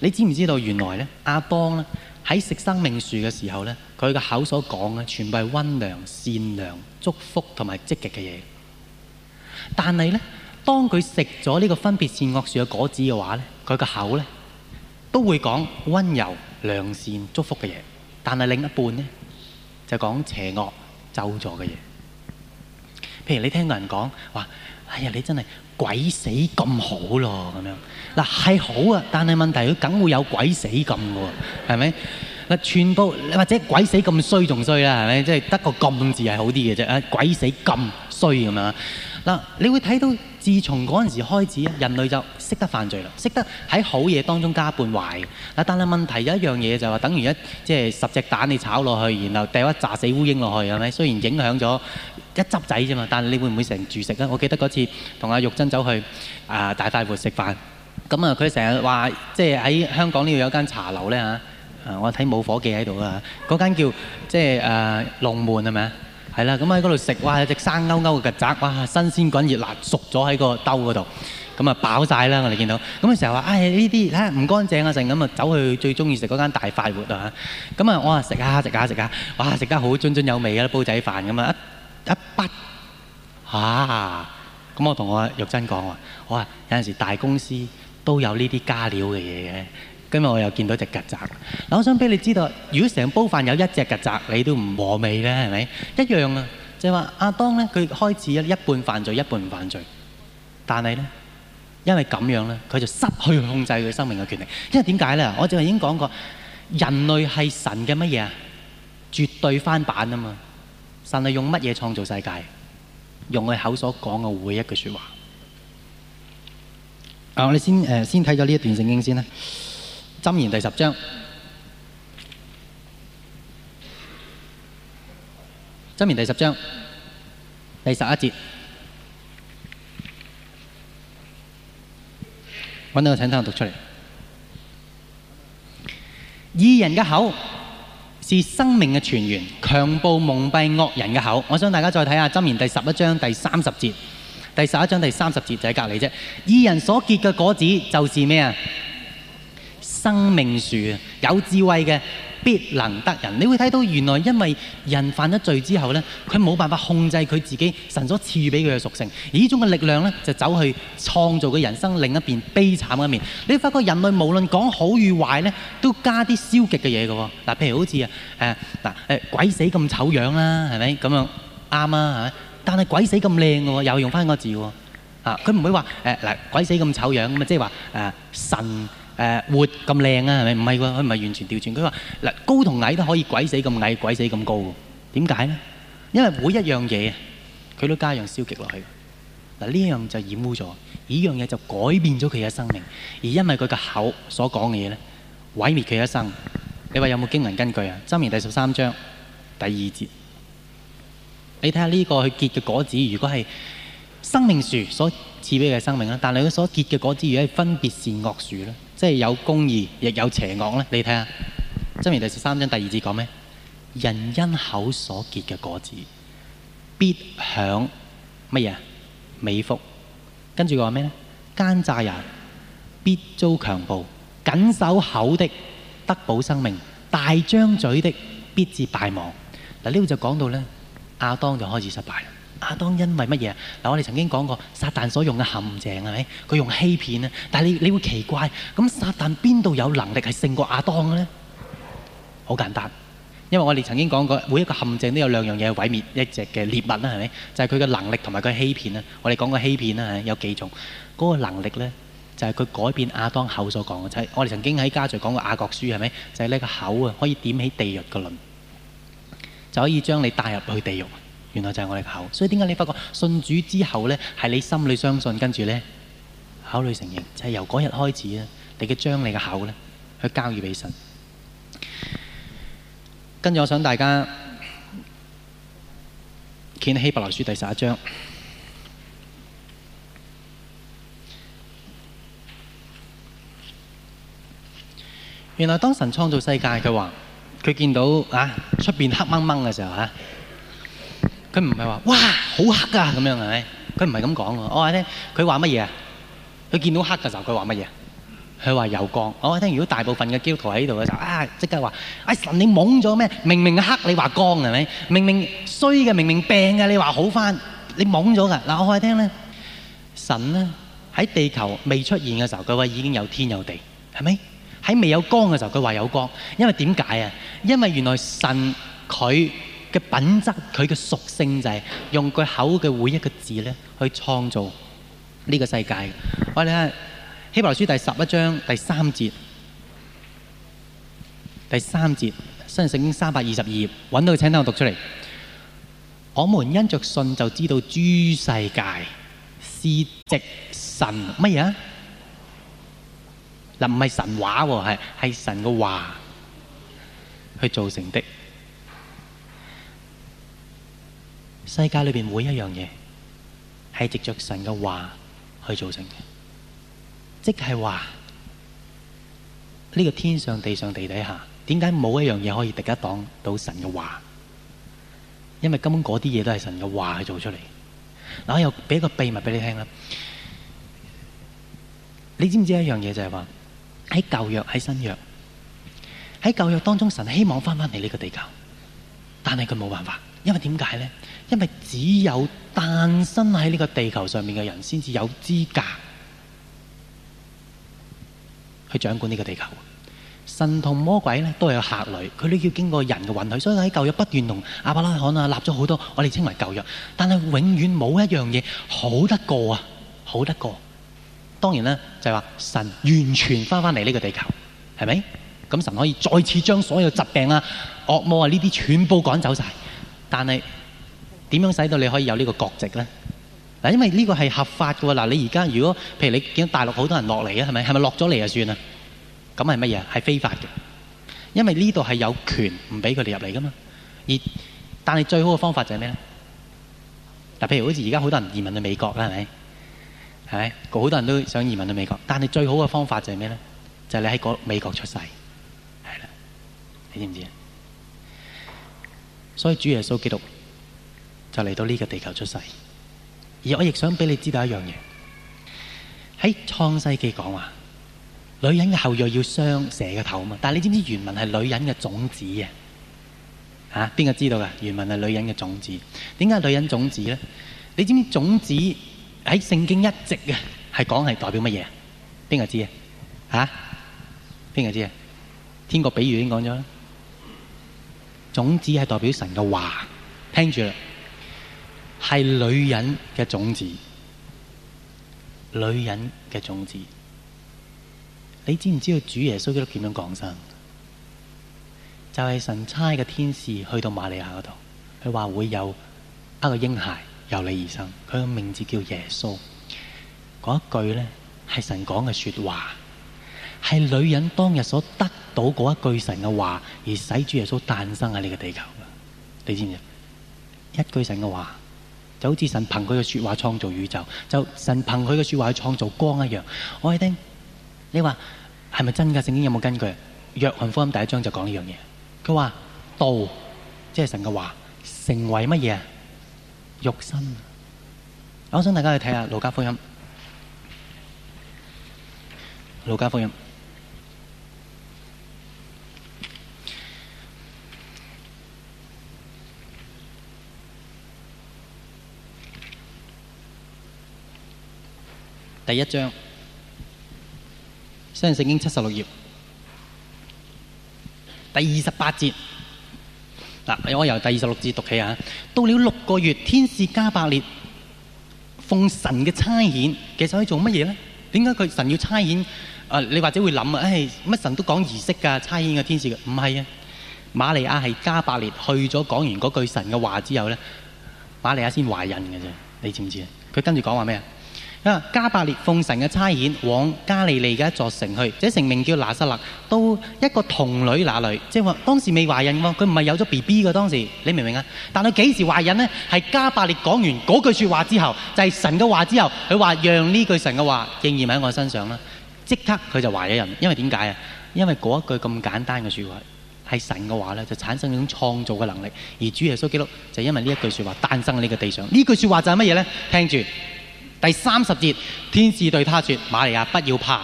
你知唔知道原來呢，阿當呢喺食生命樹嘅時候呢，佢嘅口所講嘅全部係溫良、善良、祝福同埋積極嘅嘢，但係呢，當佢食咗呢個分別善惡樹嘅果子嘅話咧，佢個口咧都會講溫柔良善祝福嘅嘢，但係另一半咧就講邪惡咒詛嘅嘢。譬如你聽個人講話，哎呀，你真係鬼死咁好咯，咁樣。嗱，係好啊，但係問題佢梗會有鬼死咁嘅喎，係咪？嗱，全部或者鬼死咁衰仲衰啦，係咪？即係得個咁字係好啲嘅啫啊，鬼死咁衰咁樣。嗱，你會睇到，自從嗰陣時開始啊，人類就識得犯罪啦，識得喺好嘢當中加半壞。嗱，但係問題有一樣嘢就係、話、等於一即係十隻蛋你炒落去，然後掉一紮死烏蠅落去，係咪？雖然影響咗一執仔啫嘛，但係你會唔會成住食啊？我記得嗰次同阿玉珍走去啊、呃、大快活食飯，咁啊佢成日話即係喺香港呢度有一間茶樓咧嚇，我睇冇夥計喺度啊，嗰間叫即係誒、呃、龍門係咪啊？是係啦，咁喺嗰度食，哇！有隻生勾勾嘅曱甴，哇！新鮮滾熱辣，熟咗喺個兜嗰度，咁啊飽晒啦！我哋見到，咁、哎、佢成日話，唉呢啲，睇唔乾淨啊，成咁啊走去最中意食嗰間大快活啊，咁啊我啊食下食下食下，哇！食得好津津有味啊，煲仔飯咁啊一一筆嚇，咁、啊啊啊、我同我玉珍講話，我話有陣時大公司都有呢啲加料嘅嘢嘅。今日我又見到隻曱甴。嗱，我想俾你知道，如果成煲飯有一隻曱甴，你都唔和味咧，係咪一樣啊？就係話阿當咧，佢開始一半犯罪，一半唔犯罪，但係咧，因為咁樣咧，佢就失去控制佢生命嘅權力。因為點解咧？我就已經講過，人類係神嘅乜嘢啊？絕對翻版啊嘛！神係用乜嘢創造世界？用佢口所講嘅每一句説話。啊，我哋先誒先睇咗呢一段聖經先啦。箴言第十章，箴言第十章，第十一節，揾到請同我讀出嚟。義人嘅口是生命嘅泉源，強暴蒙蔽惡人嘅口。我想大家再睇下箴言第十一章第三十節，第十一章第三十節就喺隔離啫。義人所結嘅果子就是咩啊？生命樹啊，有智慧嘅必能得人。你會睇到原來因為人犯咗罪之後咧，佢冇辦法控制佢自己神所賜予俾佢嘅屬性，而呢種嘅力量咧就走去創造嘅人生另一邊悲慘一面。你會發覺人類無論講好與壞咧，都加啲消極嘅嘢嘅喎。嗱，譬如好似啊誒嗱誒鬼死咁醜樣啦，係咪咁樣啱啊？係咪？但係鬼死咁靚嘅喎，又用翻個字喎啊！佢唔會話誒嗱鬼死咁醜樣咁啊，即係話誒神。誒活咁靚啊，係咪唔係喎？佢唔係完全調轉。佢話嗱，高同矮都可以鬼死咁矮，鬼死咁高嘅。點解呢？因為每一樣嘢，佢都加一樣消極落去。嗱，呢樣就染污咗，呢樣嘢就改變咗佢嘅生命。而因為佢嘅口所講嘅嘢咧，毀滅佢一生。你話有冇經文根據啊？箴言第十三章第二節。你睇下呢個佢結嘅果子，如果係生命樹所賜俾佢嘅生命啦，但係佢所結嘅果子如果係分別善惡樹咧。即係有公義，亦有邪惡咧。你睇下《箴言》第十三章第二節講咩？人因口所結嘅果子，必享乜嘢美福。跟住佢話咩咧？奸詐人、啊、必遭強暴，謹守口的得保生命，大張嘴的必至敗亡。嗱呢度就講到咧，亞當就開始失敗了。阿當因為乜嘢？嗱，我哋曾經講過撒旦所用嘅陷阱係咪？佢用欺騙啊！但係你你會奇怪，咁撒旦邊度有能力係勝過阿當嘅咧？好簡單，因為我哋曾經講過每一個陷阱都有兩樣嘢毀滅一隻嘅獵物啦，係咪？就係佢嘅能力同埋佢欺騙啊！我哋講過欺騙啦，有幾種嗰、那個能力咧，就係佢改變亞當口所講嘅，就係、是、我哋曾經喺家長講過雅各書係咪？就係呢個口啊，可以點起地獄嘅輪，就可以將你帶入去地獄。原來就係我哋嘅口，所以點解你發覺信主之後呢，係你心裏相信，跟住呢，考慮承認，就係由嗰日開始啊！你嘅將，你嘅口呢，去交易俾神。跟住我想大家見希伯來書第十一章。原來當神創造世界，佢話佢見到啊出邊黑掹掹嘅時候啊。佢唔係話哇好黑啊咁樣係咪？佢唔係咁講喎。我話聽佢話乜嘢啊？佢見到黑嘅時候，佢話乜嘢？佢話有光。我話聽，如果大部分嘅基督徒喺度嘅時候，啊即刻話：哎神你懵咗咩？明明黑你話光係咪？明明衰嘅，明明病嘅你話好翻？你懵咗㗎嗱！我話聽咧，神咧喺地球未出現嘅時候，佢話已經有天有地，係咪？喺未有光嘅時候，佢話有光，因為點解啊？因為原來神佢嘅品質，佢嘅屬性就係用佢口嘅每一個字咧，去創造呢個世界。我哋睇希伯來書第十一章第三節，第三節，新聖經三百二十二頁，揾到，請等我讀出嚟。我們因着信就知道，諸世界是藉神乜嘢？嗱唔係神話喎，係係神嘅話去造成的。世界裏邊每一樣嘢，係藉着神嘅話去造成嘅，即係話呢個天上地上地底下，點解冇一樣嘢可以敵得擋到神嘅話？因為根本嗰啲嘢都係神嘅話去做出嚟。嗱，我又俾個秘密俾你聽啦。你知唔知一樣嘢就係話喺舊約喺新約喺舊約當中，神希望翻返嚟呢個地球，但係佢冇辦法。因為點解呢？因為只有誕生喺呢個地球上面嘅人，先至有資格去掌管呢個地球。神同魔鬼咧都係有客旅，佢都要經過人嘅允許。所以喺舊約不斷同阿伯拉罕啊立咗好多，我哋稱為舊約。但係永遠冇一樣嘢好得過啊，好得過。當然啦，就係話神完全翻翻嚟呢個地球，係咪？咁神可以再次將所有疾病啊、惡魔啊呢啲全部趕走晒。但係點樣使到你可以有呢個國籍咧？嗱，因為呢個係合法嘅喎。嗱，你而家如果譬如你見到大陸好多人落嚟啊，係咪？係咪落咗嚟就算啦？咁係乜嘢？係非法嘅，因為呢度係有權唔俾佢哋入嚟噶嘛。而但係最好嘅方法就係咩咧？嗱，譬如好似而家好多人移民去美國啦，係咪？係咪？好多人都想移民去美國，但係最好嘅方法就係咩咧？就係你喺美國出世，係啦，你知唔知啊？所以主耶穌基督就嚟到呢個地球出世，而我亦想俾你知道一樣嘢：喺創世記講話，女人嘅後裔要傷蛇嘅頭啊嘛。但係你知唔知原文係女人嘅種子啊？吓，邊個知道噶？原文係女人嘅種子，點解女人種子咧？你知唔知種子喺聖經一直啊係講係代表乜嘢？邊個知啊？吓，邊個知啊？天國比喻已經講咗啦。種子係代表神嘅話，聽住啦，係女人嘅種子，女人嘅種子。你知唔知道主耶穌基督點樣降生？就係神差嘅天使去到瑪利亞嗰度，佢話會有一個嬰孩由你而生，佢嘅名字叫耶穌。嗰一句呢係神講嘅說話。係女人當日所得到嗰一句神嘅話，而使主耶穌誕生喺呢個地球。你知唔知？一句神嘅話，就好似神憑佢嘅說話創造宇宙，就神憑佢嘅說話去創造光一樣。我哋聽，你話係咪真噶？聖經有冇根據？約翰福音第一章就講呢樣嘢。佢話道，即係神嘅話，成為乜嘢？肉身。我想大家去睇下路加福音，路加福音。第一章，相聖經七十六頁第二十八節，嗱我由第二十六節讀起啊。到了六個月，天使加百列奉神嘅差遣，其實喺做乜嘢呢？點解佢神要差遣？誒，你或者會諗啊，誒、哎，乜神都講儀式噶，差遣個天使唔係啊，瑪利亞係加百列去咗講完嗰句神嘅話之後咧，瑪利亞先懷孕嘅啫。你知唔知啊？佢跟住講話咩啊？加百列奉神嘅差遣，往加利利嘅一座城去，這城名叫拿撒勒。到一個童女那裏，即係話當時未懷孕喎，佢唔係有咗 B B 嘅，當時你明唔明啊？但係幾時懷孕呢？係加百列講完嗰句說話之後，就係神嘅話之後，佢話讓呢句神嘅話應驗喺我身上啦。即刻佢就懷咗孕，因為點解啊？因為嗰一句咁簡單嘅說話，係神嘅話咧，就產生一種創造嘅能力。而主耶穌基督就因為呢一句說話誕生喺呢個地上。呢句說話就係乜嘢咧？聽住。第三十節，天使對他說：瑪利亞，不要怕，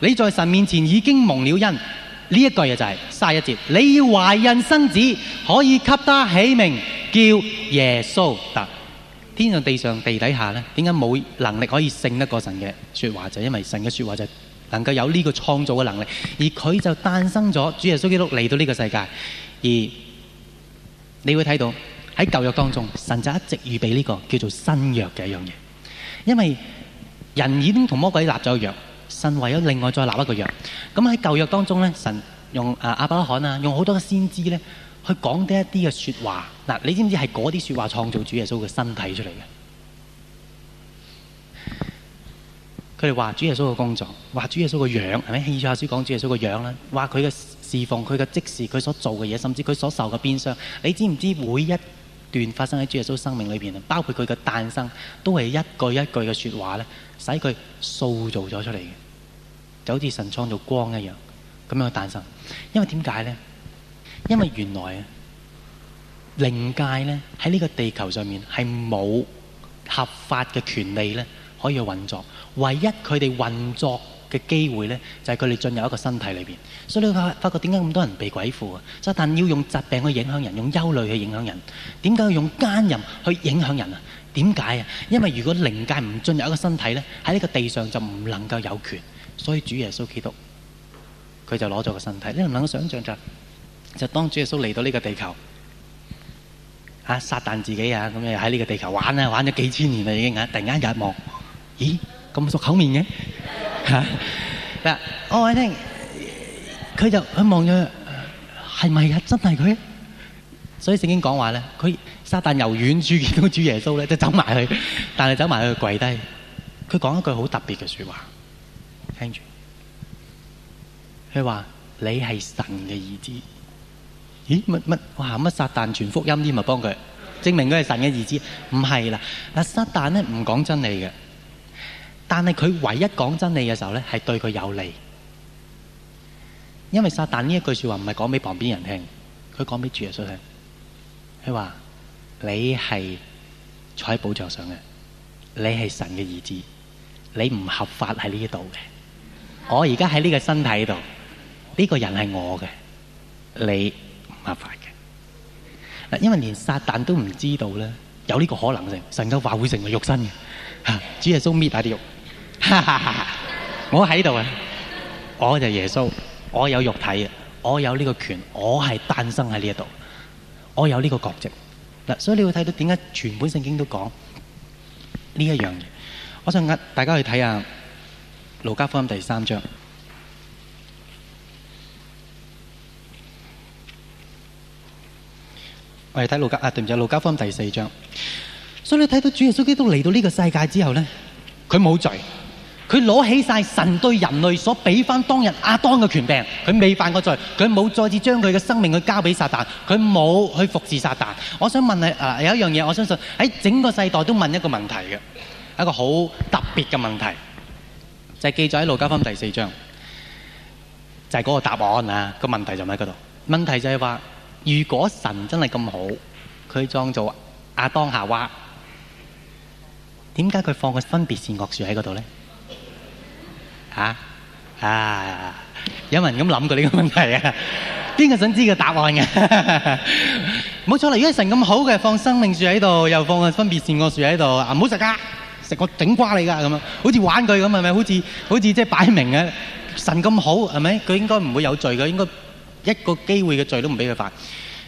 你在神面前已經蒙了恩。呢一句嘢，就係三一節。你要懷孕生子，可以給他起名叫耶穌。德天上、地上、地底下呢，點解冇能力可以勝得過神嘅說話？就是、因為神嘅說話就能夠有呢個創造嘅能力，而佢就誕生咗主耶穌基督嚟到呢個世界。而你會睇到喺舊約當中，神就一直預備呢、這個叫做新約嘅一樣嘢。因為人已經同魔鬼立咗個約，神為咗另外再立一個約。咁喺舊約當中咧，神用亞伯拉罕啊，用好多嘅先知咧，去講啲一啲嘅說話。嗱，你知唔知係嗰啲說話創造主耶穌嘅身體出嚟嘅？佢哋話主耶穌嘅工作，話主耶穌嘅樣係咪？以賽亞書講主耶穌嘅樣啦，話佢嘅侍奉，佢嘅即時，佢所做嘅嘢，甚至佢所受嘅鞭傷，你知唔知每一段發生喺主耶穌生命裏邊啊，包括佢嘅誕生，都係一句一句嘅説話咧，使佢塑造咗出嚟嘅，就好似神創造光一樣咁樣嘅誕生。因為點解咧？因為原來啊，靈界咧喺呢個地球上面係冇合法嘅權利咧，可以去運作，唯一佢哋運作嘅機會呢，就係佢哋進入一個身體裏邊，所以你會發覺點解咁多人被鬼附啊？撒旦要用疾病去影響人，用憂慮去影響人，點解要用奸淫去影響人啊？點解啊？因為如果靈界唔進入一個身體呢，喺呢個地上就唔能夠有權，所以主耶穌基督佢就攞咗個身體。你能唔能夠想象就就當主耶穌嚟到呢個地球，啊撒旦自己啊咁樣喺呢個地球玩啊玩咗幾千年啦已經、啊、突然間一望，咦？咁熟口面嘅，嗱，我話你，佢就佢望咗係咪呀？真係佢，所以聖經講話咧，佢撒但由遠處見到主耶穌咧，就走埋去，但係走埋去跪低，佢講一句好特別嘅說話，聽住，佢話你係神嘅兒子，咦？乜乜哇？乜撒但全福音添？咪幫佢證明佢係神嘅兒子？唔係啦，嗱撒但咧唔講真理嘅。但係佢唯一講真理嘅時候咧，係對佢有利，因為撒旦呢一句說話唔係講俾旁邊人他聽，佢講俾主耶穌聽。佢話你係坐喺寶座上嘅，你係神嘅意志，你唔合法喺呢度嘅。我而家喺呢個身體度，呢、這個人係我嘅，你唔合法嘅。嗱，因為連撒旦都唔知道咧，有呢個可能性，神就話會成為肉身嘅，吓，主耶穌搣大啲肉。 <laughs> 我喺度啊！我就耶穌，我有肉體啊，我有呢個權，我係誕生喺呢一度，我有呢個國籍。嗱，所以你會睇到點解全本聖經都講呢一樣嘢。我想嗌大家去睇下《路加福音》第三章。我哋睇《路加》啊，對唔住，《路加福音》第四章。所以你睇到主耶穌基督嚟到呢個世界之後咧，佢冇罪。佢攞起晒神對人類所俾翻當日阿當嘅權柄，佢未犯過罪，佢冇再次將佢嘅生命去交俾撒旦，佢冇去服侍撒旦。我想問你啊，有一樣嘢我相信喺整個世代都問一個問題嘅，一個好特別嘅問題，就係記載喺路加福音第四章，就係嗰個答案啊。個問題就喺嗰度，問題就係話：如果神真係咁好，佢創造阿當夏娃，點解佢放個分別善惡樹喺嗰度咧？吓啊，啊！有人咁諗過呢個問題啊？邊 <laughs> 個想知個答案嘅？冇錯啦，如果神咁好嘅，放生命樹喺度，又放分別善惡樹喺度啊！唔好食噶，食個頂瓜你噶咁啊！好似玩具咁，係咪？好似好似即係擺明嘅神咁好，係咪？佢應該唔會有罪嘅，應該一個機會嘅罪都唔俾佢犯。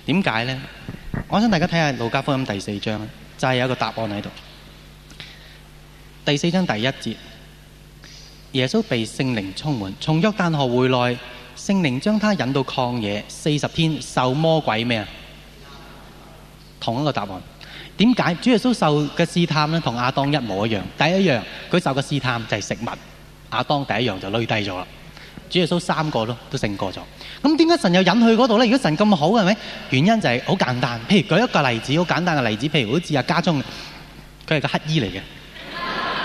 點解咧？我想大家睇下路加福音咁第四章，就係、是、有一個答案喺度。第四章第一節。耶穌被聖靈充滿，從約旦河回來，聖靈將他引到曠野四十天受魔鬼咩。同一個答案。點解主耶穌受嘅試探咧，同亞當一模一樣？第一樣，佢受嘅試探就係食物，亞當第一樣就累低咗啦。主耶穌三個咯，都勝過咗。咁點解神又引去嗰度咧？如果神咁好嘅，係咪？原因就係好簡單。譬如舉一個例子，好簡單嘅例子，譬如好似阿家忠，佢係個乞兒嚟嘅。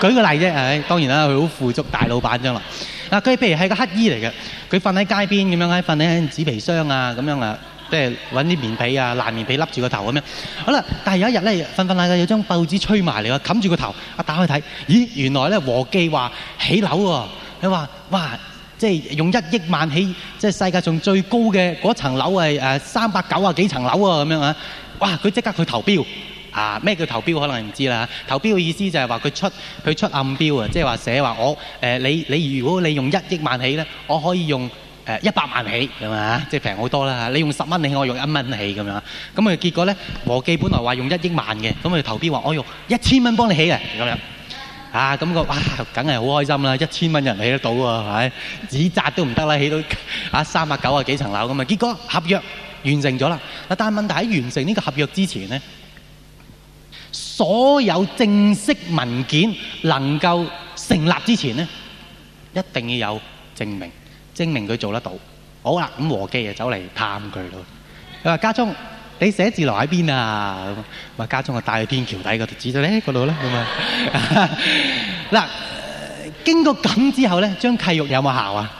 舉個例啫，唉，當然啦，佢好富足大老闆咋嘛。嗱，佢譬如係個乞衣嚟嘅，佢瞓喺街邊咁樣咧，瞓喺紙皮箱啊咁樣啊，即係揾啲棉被啊、爛棉被笠住個頭咁樣。好啦，但係有一日咧，瞓瞓下有張報紙吹埋嚟喎，冚住個頭。啊，打開睇，咦，原來咧，和記話起樓啊、哦。佢話哇，即係用一億萬起，即係世界上最高嘅嗰層樓係誒三百九啊幾層樓啊咁樣啊，哇，佢即刻去投標。啊！咩叫投標？可能唔知啦。投標嘅意思就係話佢出佢出暗標啊，即係話寫話我誒、呃、你你如果你用一億萬起咧，我可以用誒一百萬起係嘛？即係平好多啦嚇！你用十蚊你起，我用一蚊起咁樣。咁啊結果咧，和記本來話用一億萬嘅，咁佢投標話我用一千蚊幫你起嘅咁樣。啊咁個哇，梗係好開心啦！一千蚊人起得到喎。哎，係？紙紮都唔得啦，起到啊三百九啊幾層樓咁啊！結果合約完成咗啦。但係問題喺完成呢個合約之前咧。所有正式文件能夠成立之前咧，一定要有證明，證明佢做得到。好啦，咁和記就走嚟探佢咯。佢話：家聰，你寫字樓喺邊啊？咁啊，家聰就帶去天橋底嗰度指咗咧嗰度咧。咁啊，嗱，經過咁之後咧，張契約有冇效啊？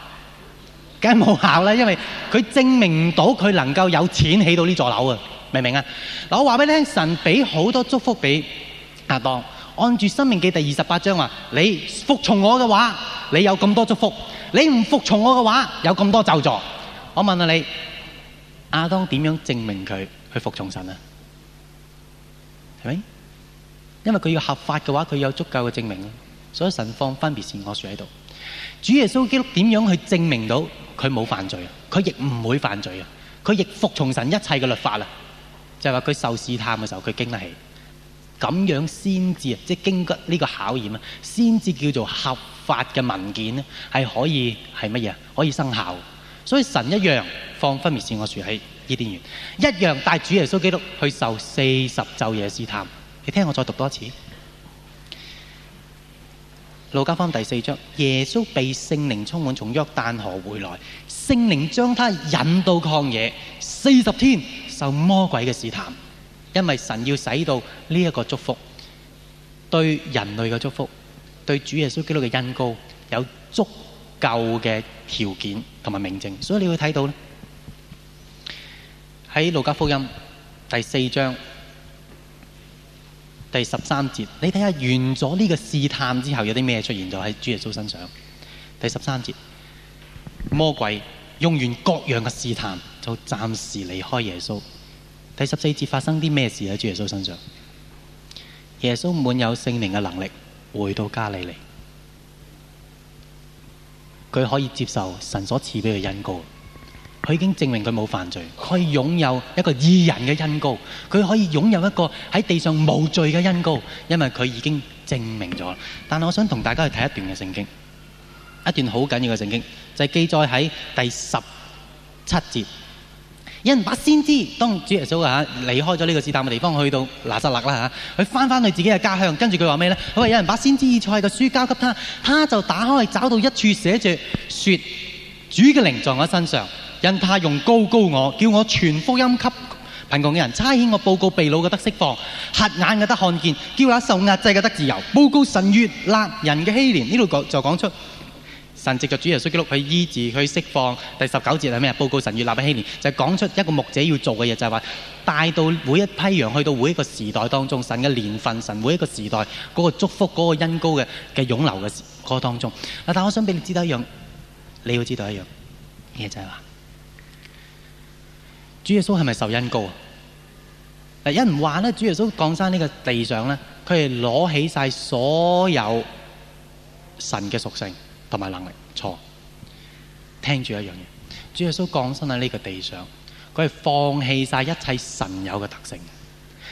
梗係冇效啦，因為佢證明唔到佢能夠有錢起到呢座樓啊。明唔明啊？嗱，我話俾你聽，神俾好多祝福俾阿當。按住《申命記》第二十八章話，你服從我嘅話，你有咁多祝福；你唔服從我嘅話，有咁多咒詛。」我問下你，阿當點樣證明佢去服從神啊？係咪？因為佢要合法嘅話，佢有足夠嘅證明。所以神放分別善惡樹喺度。主耶穌基督點樣去證明到佢冇犯罪啊？佢亦唔會犯罪啊！佢亦服從神一切嘅律法啦。就係話佢受試探嘅時候，佢經得起，咁樣先至即係經過呢個考驗啊，先至叫做合法嘅文件咧，係可以係乜嘢？可以生效。所以神一樣放分別善惡樹喺伊甸園，一樣帶主耶穌基督去受四十晝夜試探。你聽我再讀多一次《路加福音》第四章：耶穌被聖靈充滿，從約旦河回來，聖靈將他引到曠野，四十天。受魔鬼嘅試探，因為神要使到呢一個祝福對人類嘅祝福，對主耶穌基督嘅恩膏，有足夠嘅條件同埋明證，所以你會睇到喺路加福音第四章第十三節，你睇下完咗呢個試探之後有啲咩出現咗喺主耶穌身上？第十三節，魔鬼用完各樣嘅試探。就暫時離開耶穌。第十四節發生啲咩事喺主耶穌身上？耶穌滿有聖靈嘅能力，回到加利利，佢可以接受神所賜俾嘅恩膏。佢已經證明佢冇犯罪，佢擁有一個義人嘅恩膏，佢可以擁有一個喺地上無罪嘅恩膏，因為佢已經證明咗。但係我想同大家去睇一段嘅聖經，一段好緊要嘅聖經，就係記載喺第十七節。人有人把先知當主耶穌啊，離開咗呢個試探嘅地方，去到拿撒勒啦吓，佢翻翻去自己嘅家鄉，跟住佢話咩咧？佢話，有人把先知以賽嘅書交給他，他就打開，找到一處寫住說：主嘅靈在我身上，因他用膏膏我，叫我傳福音給貧窮嘅人，差遣我報告被擄嘅得釋放，瞎眼嘅得看見，叫那受壓制嘅得自由，報告神悅納人嘅禧年。呢度就講出。神藉着主耶穌基督，去醫治，去釋放。第十九節係咩啊？報告神悅納禧年，就係、是、講出一個牧者要做嘅嘢，就係、是、話帶到每一批羊去到每一個時代當中，神嘅年份，神每一個時代嗰、那個祝福，嗰、那個恩膏嘅嘅湧流嘅、那個、當中。嗱，但我想俾你知道一樣，你要知道一樣嘢就係、是、話，主耶穌係咪受恩膏？啊？嗱，有人話咧，主耶穌降生呢個地上咧，佢係攞起晒所有神嘅屬性。同埋能力錯，聽住一樣嘢。主耶穌降生喺呢個地上，佢係放棄晒一切神有嘅特性的。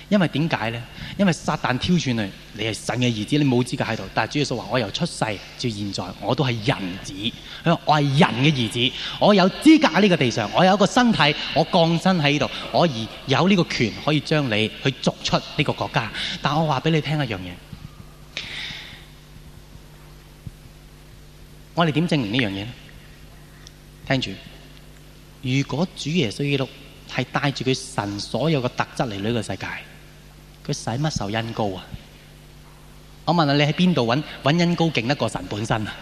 因為點解呢？因為撒旦挑戰你，你係神嘅兒子，你冇資格喺度。但係主耶穌話：我由出世至現在，我都係人子。我係人嘅兒子，我有資格喺呢個地上，我有一個身體，我降生喺呢度，我而有呢個權，可以將你去逐出呢個國家。但我話俾你聽一樣嘢。我哋點證明呢樣嘢咧？聽住，如果主耶穌基督係帶住佢神所有嘅特質嚟呢個世界，佢使乜受恩膏啊？我問下你喺邊度揾揾恩膏勁得過神本身啊？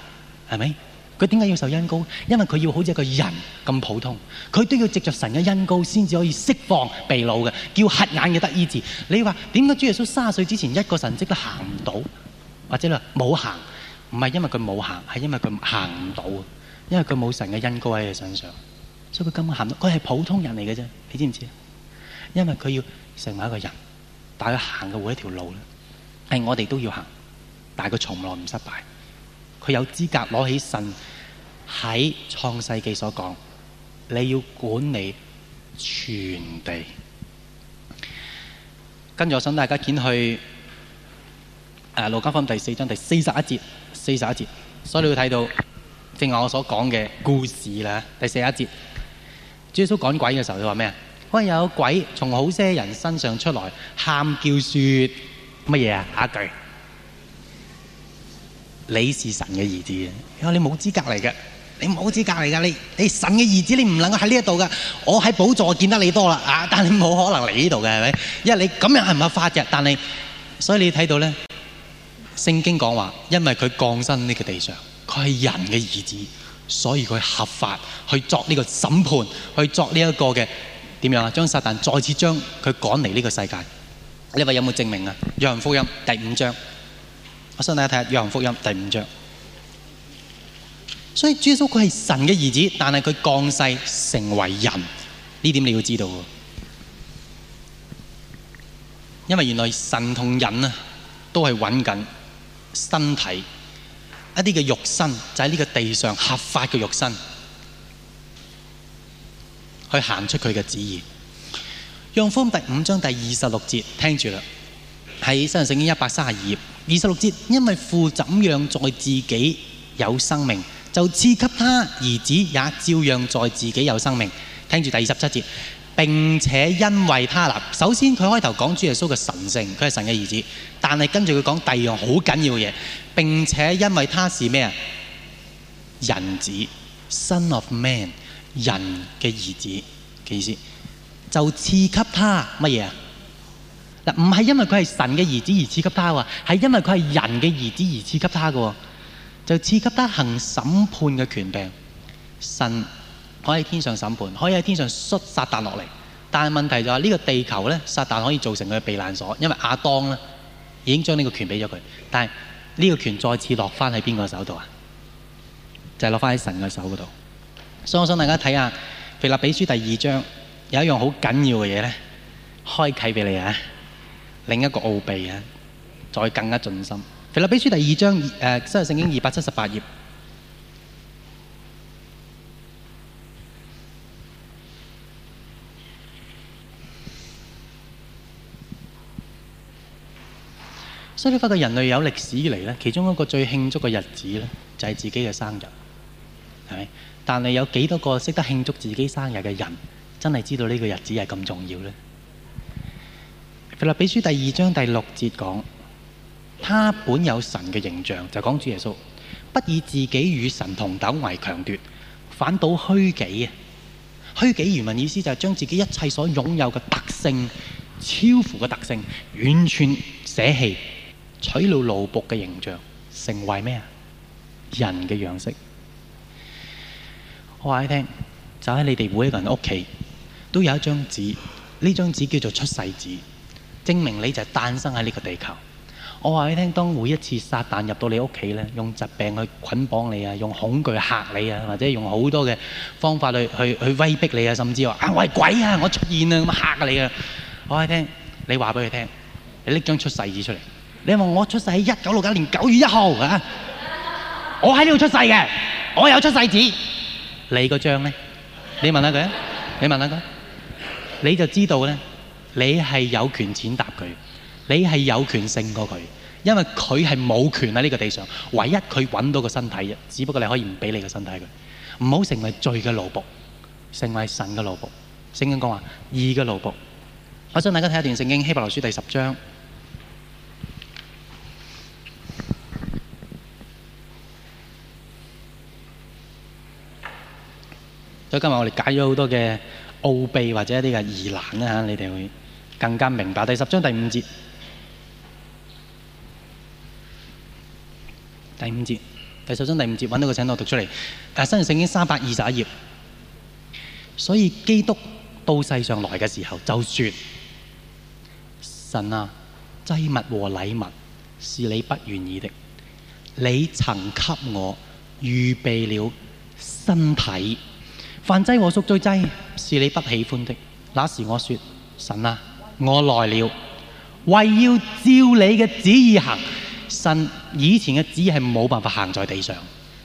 係咪？佢點解要受恩膏？因為佢要好似一個人咁普通，佢都要藉着神嘅恩膏先至可以釋放秘魯嘅，叫瞎眼嘅得醫治。你話點解主耶穌三十歲之前一個神蹟都行唔到，或者你話冇行？唔係因為佢冇行，係因為佢行唔到，因為佢冇神嘅恩膏喺佢身上，所以佢根本行唔到。佢係普通人嚟嘅啫，你知唔知？因為佢要成為一個人，但佢行嘅每一條路咧，係我哋都要行，但係佢從來唔失敗。佢有資格攞起神喺創世紀所講，你要管理全地。跟住我想大家捲去誒路加福音第四章第四十一節。四十一節，所以你會睇到，正話我所講嘅故事啦。第四一節，耶穌趕鬼嘅時候，佢話咩啊？可能有鬼從好些人身上出來，喊叫說乜嘢啊？下一句，你是神嘅兒子，子，你你冇資格嚟嘅，你冇資格嚟噶，你你神嘅兒子，你唔能夠喺呢一度噶，我喺寶座見得你多啦啊，但係你冇可能嚟呢度嘅，係咪？因為你咁樣係唔合法嘅。但係，所以你睇到咧。聖經講話，因為佢降生呢個地上，佢係人嘅兒子，所以佢合法去作呢個審判，去作呢一個嘅點樣啊？將撒旦再次將佢趕嚟呢個世界，你話有冇證明啊？約翰福音第五章，我想大家睇下約翰福音第五章。所以主耶穌佢係神嘅兒子，但係佢降世成為人，呢點你要知道喎。因為原來神同人啊，都係揾緊。身體一啲嘅肉身，就喺、是、呢個地上合法嘅肉身，去行出佢嘅旨意。約翰第五章第二十六節，聽住啦，喺新約聖經一百三十二頁二十六節，因為父怎樣在自己有生命，就賜給他兒子也照樣在自己有生命。聽住第二十七節。並且因為他立。首先佢開頭講主耶穌嘅神性，佢係神嘅兒子。但係跟住佢講第二樣好緊要嘅嘢。並且因為他是咩啊？人子，son of man，人嘅兒子嘅意思，就賜給他乜嘢啊？嗱，唔係因為佢係神嘅兒子而賜給他喎，係因為佢係人嘅兒子而賜給他嘅喎，就賜給他行審判嘅權柄，神。可以喺天上審判，可以喺天上摔撒，撒旦落嚟，但係問題就係呢個地球咧，撒旦可以造成佢嘅避難所，因為阿當咧已經將呢個權俾咗佢。但係呢個權再次落翻喺邊個手度啊？就係落翻喺神嘅手嗰度。所以我想大家睇下《腓立比書》第二章，有一樣好緊要嘅嘢咧，開啟俾你啊！另一個奧秘啊，再更加盡心。《腓立比書》第二章，誒新約聖經二百七十八頁。所以你發覺人類有歷史以嚟咧，其中一個最慶祝嘅日子咧，就係自己嘅生日，係咪？但係有幾多個識得慶祝自己生日嘅人，真係知道呢個日子係咁重要呢？腓立比書第二章第六節講：他本有神嘅形象，就係講主耶穌，不以自己與神同等為強奪，反倒虛己啊。虛己原文意思就係將自己一切所擁有嘅特性、超乎嘅特性，完全捨棄。取了奴僕嘅形象，成為咩啊？人嘅樣式。我話你聽，就喺你哋每一個人屋企都有一張紙，呢張紙叫做出世紙，證明你就係誕生喺呢個地球。我話你聽，當每一次撒旦入到你屋企咧，用疾病去捆綁你啊，用恐懼嚇你啊，或者用好多嘅方法去去去威逼你啊，甚至話啊我係鬼啊，我出現啊咁嚇你啊。我話你聽，你話俾佢聽，你拎張出世紙出嚟。你問我出世喺一九六九年九月一號啊， <laughs> 我喺呢度出世嘅，我有出世紙。你嗰張咧？你問下佢，你問下佢，你就知道咧，你係有權踐踏佢，你係有權勝過佢，因為佢係冇權喺呢個地上，唯一佢揾到個身體嘅，只不過你可以唔俾你個身體佢，唔好成為罪嘅奴僕，成為神嘅奴僕。聖經講話義嘅奴僕。我想大家睇一段聖經希伯來書第十章。所以今日我哋解咗好多嘅奧秘或者一啲嘅疑難，你哋會更加明白第十章第五節。第五節，第十章第五節，搵到個請托讀出嚟。但係新約聖經三百二十一頁。所以基督到世上來嘅時候就說，就算神啊，祭物和禮物是你不願意的。你曾給我預備了身體。燔祭和贖罪祭是你不喜歡的。那時我說：神啊，我來了，為要照你嘅旨意行。神以前嘅旨意係冇辦法行在地上，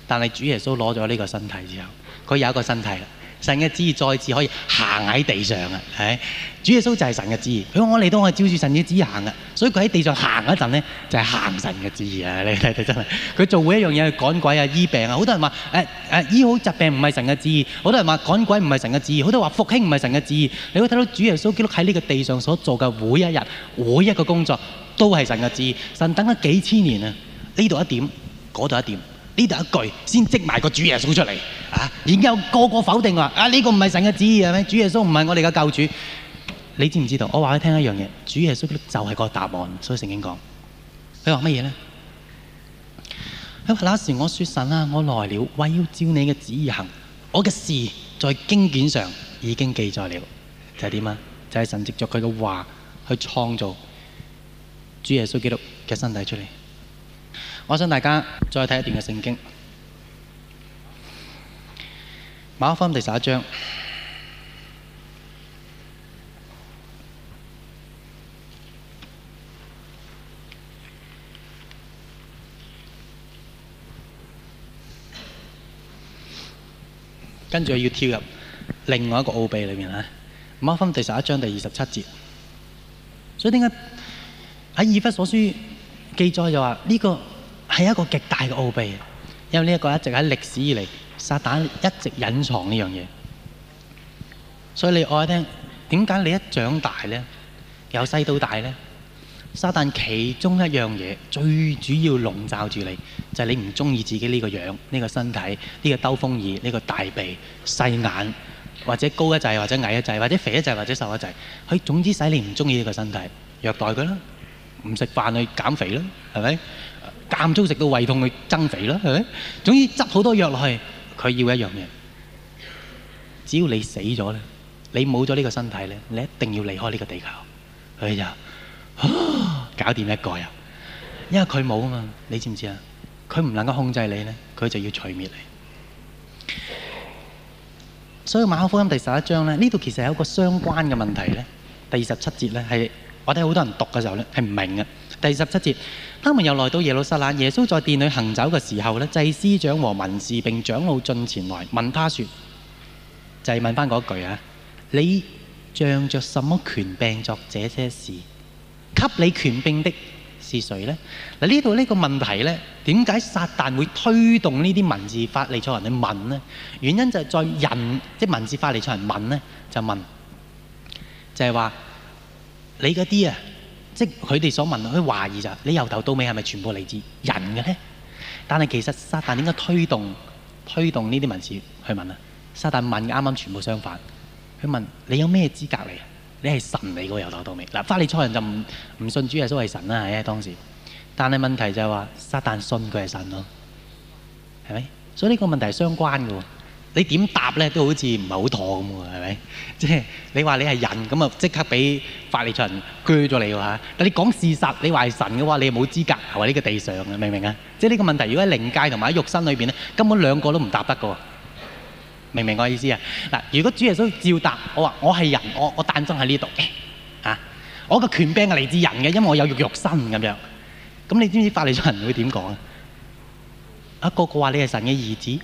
但係主耶穌攞咗呢個身體之後，佢有一個身體了。神嘅旨意再次可以行喺地上啊！係，主耶穌就係神嘅旨意，佢話我哋都可以照住神嘅旨意行啊！所以佢喺地上行一陣咧，就係、是、行神嘅旨意啊！你睇睇真係，佢做每一樣嘢，去趕鬼啊、醫病啊，好多人話誒誒醫好疾病唔係神嘅旨意，好多人話趕鬼唔係神嘅旨意，好多人話復興唔係神嘅旨意。你會睇到主耶穌基督喺呢個地上所做嘅每一日、每一個工作都係神嘅旨意。神等咗幾千年啊！呢度一點，嗰度一點。呢度一句先積埋個主耶穌出嚟啊！已經有個個否定話啊，呢個唔係神嘅旨意係咩？主耶穌唔係我哋嘅救主？你知唔知道？我話你聽一樣嘢，主耶穌就係個答案。所以聖經講，佢話乜嘢呢？佢話「咧？咁那時我說神啊，我來了，為要照你嘅旨意行。我嘅事在經典上已經記載了。就係點啊？就係神藉着佢嘅話去創造主耶穌基督嘅身體出嚟。我想大家再睇一段嘅聖經，馬可福音第十一章，跟住要跳入另外一個奧秘裏面啦。馬可福音第十一章第二十七節，所以點解喺以弗所書記載就話呢、這個，係一個極大嘅奧秘，因為呢一個一直喺歷史以嚟撒旦一直隱藏呢樣嘢，所以你愛聽點解你一長大呢，由細到大呢，撒旦其中一樣嘢最主要籠罩住你，就係、是、你唔中意自己呢個樣、呢、這個身體、呢、這個兜風耳、呢、這個大鼻、細眼，或者高一滯，或者矮一滯，或者肥一滯，或者瘦一滯。佢總之使你唔中意呢個身體，虐待佢啦，唔食飯去減肥啦，係咪？間中食到胃痛去增肥啦，總之執好多藥落去。佢要一樣嘢，只要你死咗咧，你冇咗呢個身體咧，你一定要離開呢個地球。佢就嚇搞掂一個人，因為佢冇啊嘛，你知唔知啊？佢唔能夠控制你咧，佢就要除滅你。所以馬可福音第十一章咧，呢度其實有一個相關嘅問題咧。第二十七節咧係我哋好多人讀嘅時候咧係唔明嘅。第十七節，他們又來到耶路撒冷。耶穌在殿裏行走嘅時候咧，祭司長和文士並長老進前來問他說，就係問翻嗰句啊，你仗着什麼權柄作這些事？給你權柄的是誰呢？」嗱，呢度呢個問題呢，點解撒旦會推動呢啲文士法利賽人去問呢？原因就係在人，即文士法利賽人問呢，就問，就係話你嗰啲啊。佢哋所問，佢懷疑就係你由頭到尾係咪全部嚟自人嘅咧？但係其實撒旦點解推動推動呢啲文字去問啊？撒旦問嘅啱啱全部相反，佢問你有咩資格嚟？你係神嚟嘅，由頭到尾嗱，法利賽人就唔唔信主耶穌係神啦，係當時。但係問題就係話撒旦信佢係神咯，係咪？所以呢個問題係相關嘅。你點答咧都好似唔係好妥咁喎，係咪？即係你話你係人咁啊，即刻俾法利賽人鋸咗你喎嚇！但你講事實，你話係神嘅話，你又冇資格喺呢個地上嘅，明唔明啊？即係呢個問題，如果喺靈界同埋喺肉身裏邊咧，根本兩個都唔答得嘅喎，明唔明我意思啊？嗱，如果主耶穌照答，我話我係人，我我誕生喺呢度嚇，我個、哎啊、權柄係嚟自人嘅，因為我有肉肉身咁樣。咁你知唔知法利賽人會點講啊？啊個個話你係神嘅兒子。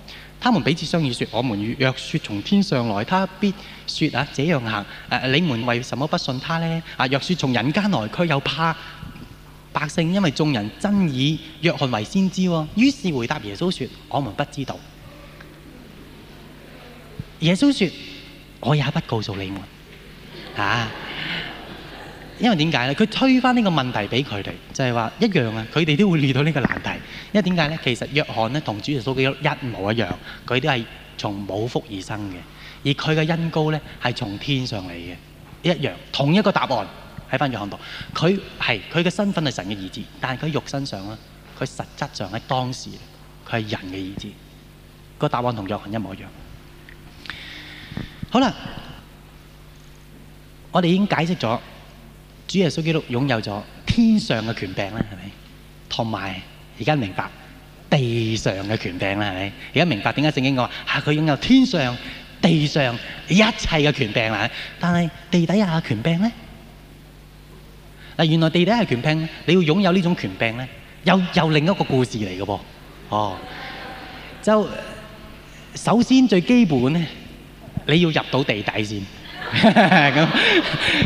他們彼此商議説：我們若說從天上來，他必説啊這樣行。你們為什麼不信他呢？啊若説從人間來，佢又怕百姓，因為眾人真以約翰為先知喎。於是回答耶穌說我們不知道。耶穌說我也不告訴你們。啊！因為點解呢？佢推翻呢個問題畀佢哋，就係話一樣啊！佢哋都會遇到呢個難題。因為點解呢？其實約翰呢，同主耶穌一模一樣，佢都係從母腹而生嘅，而佢嘅恩膏呢，係從天上嚟嘅，一樣，同一個答案喺返約翰度。佢係佢嘅身份係神嘅兒子，但係佢肉身上咧，佢實質上喺當時佢係人嘅兒子。個答案同約翰一模一樣。好啦，我哋已經解釋咗。主耶穌基督擁有咗天上嘅權柄咧，係咪？同埋而家明白地上嘅權柄啦，係咪？而家明白點解聖經講話嚇佢擁有天上、地上一切嘅權柄啦？但係地底下嘅權柄咧？嗱，原來地底下嘅權柄，你要擁有呢種權柄咧，又又另一個故事嚟嘅噃。哦，就首先最基本咧，你要入到地底先。咁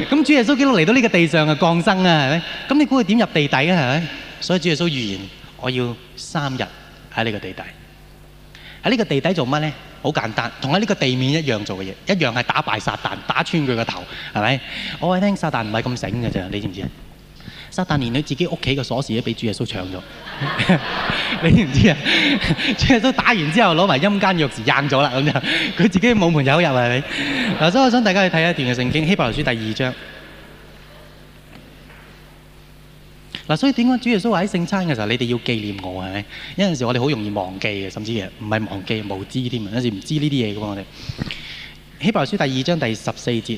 咁， <laughs> 主耶穌基督嚟到呢個地上嘅降生啊，係咪？咁你估佢點入地底啊？係咪？所以主耶穌預言我要三日喺呢個地底，喺呢個地底做乜咧？好簡單，同喺呢個地面一樣做嘅嘢，一樣係打敗撒旦，打穿佢個頭，係咪？我話聽撒旦唔係咁醒㗎啫，你知唔知啊？但連佢自己屋企嘅鎖匙都俾主耶穌搶咗，你知唔知啊？主耶穌打完之後攞埋陰間鑰匙掗咗啦，咁就佢自己冇門有入係咪？嗱，所以我想大家去睇一段嘅聖經希伯來書第二章。嗱，所以點解主耶穌話喺聖餐嘅時候，你哋要紀念我係咪？有陣時我哋好容易忘記嘅，甚至係唔係忘記無知添啊？有陣時唔知呢啲嘢嘅喎，我哋希伯來書第二章第十四節。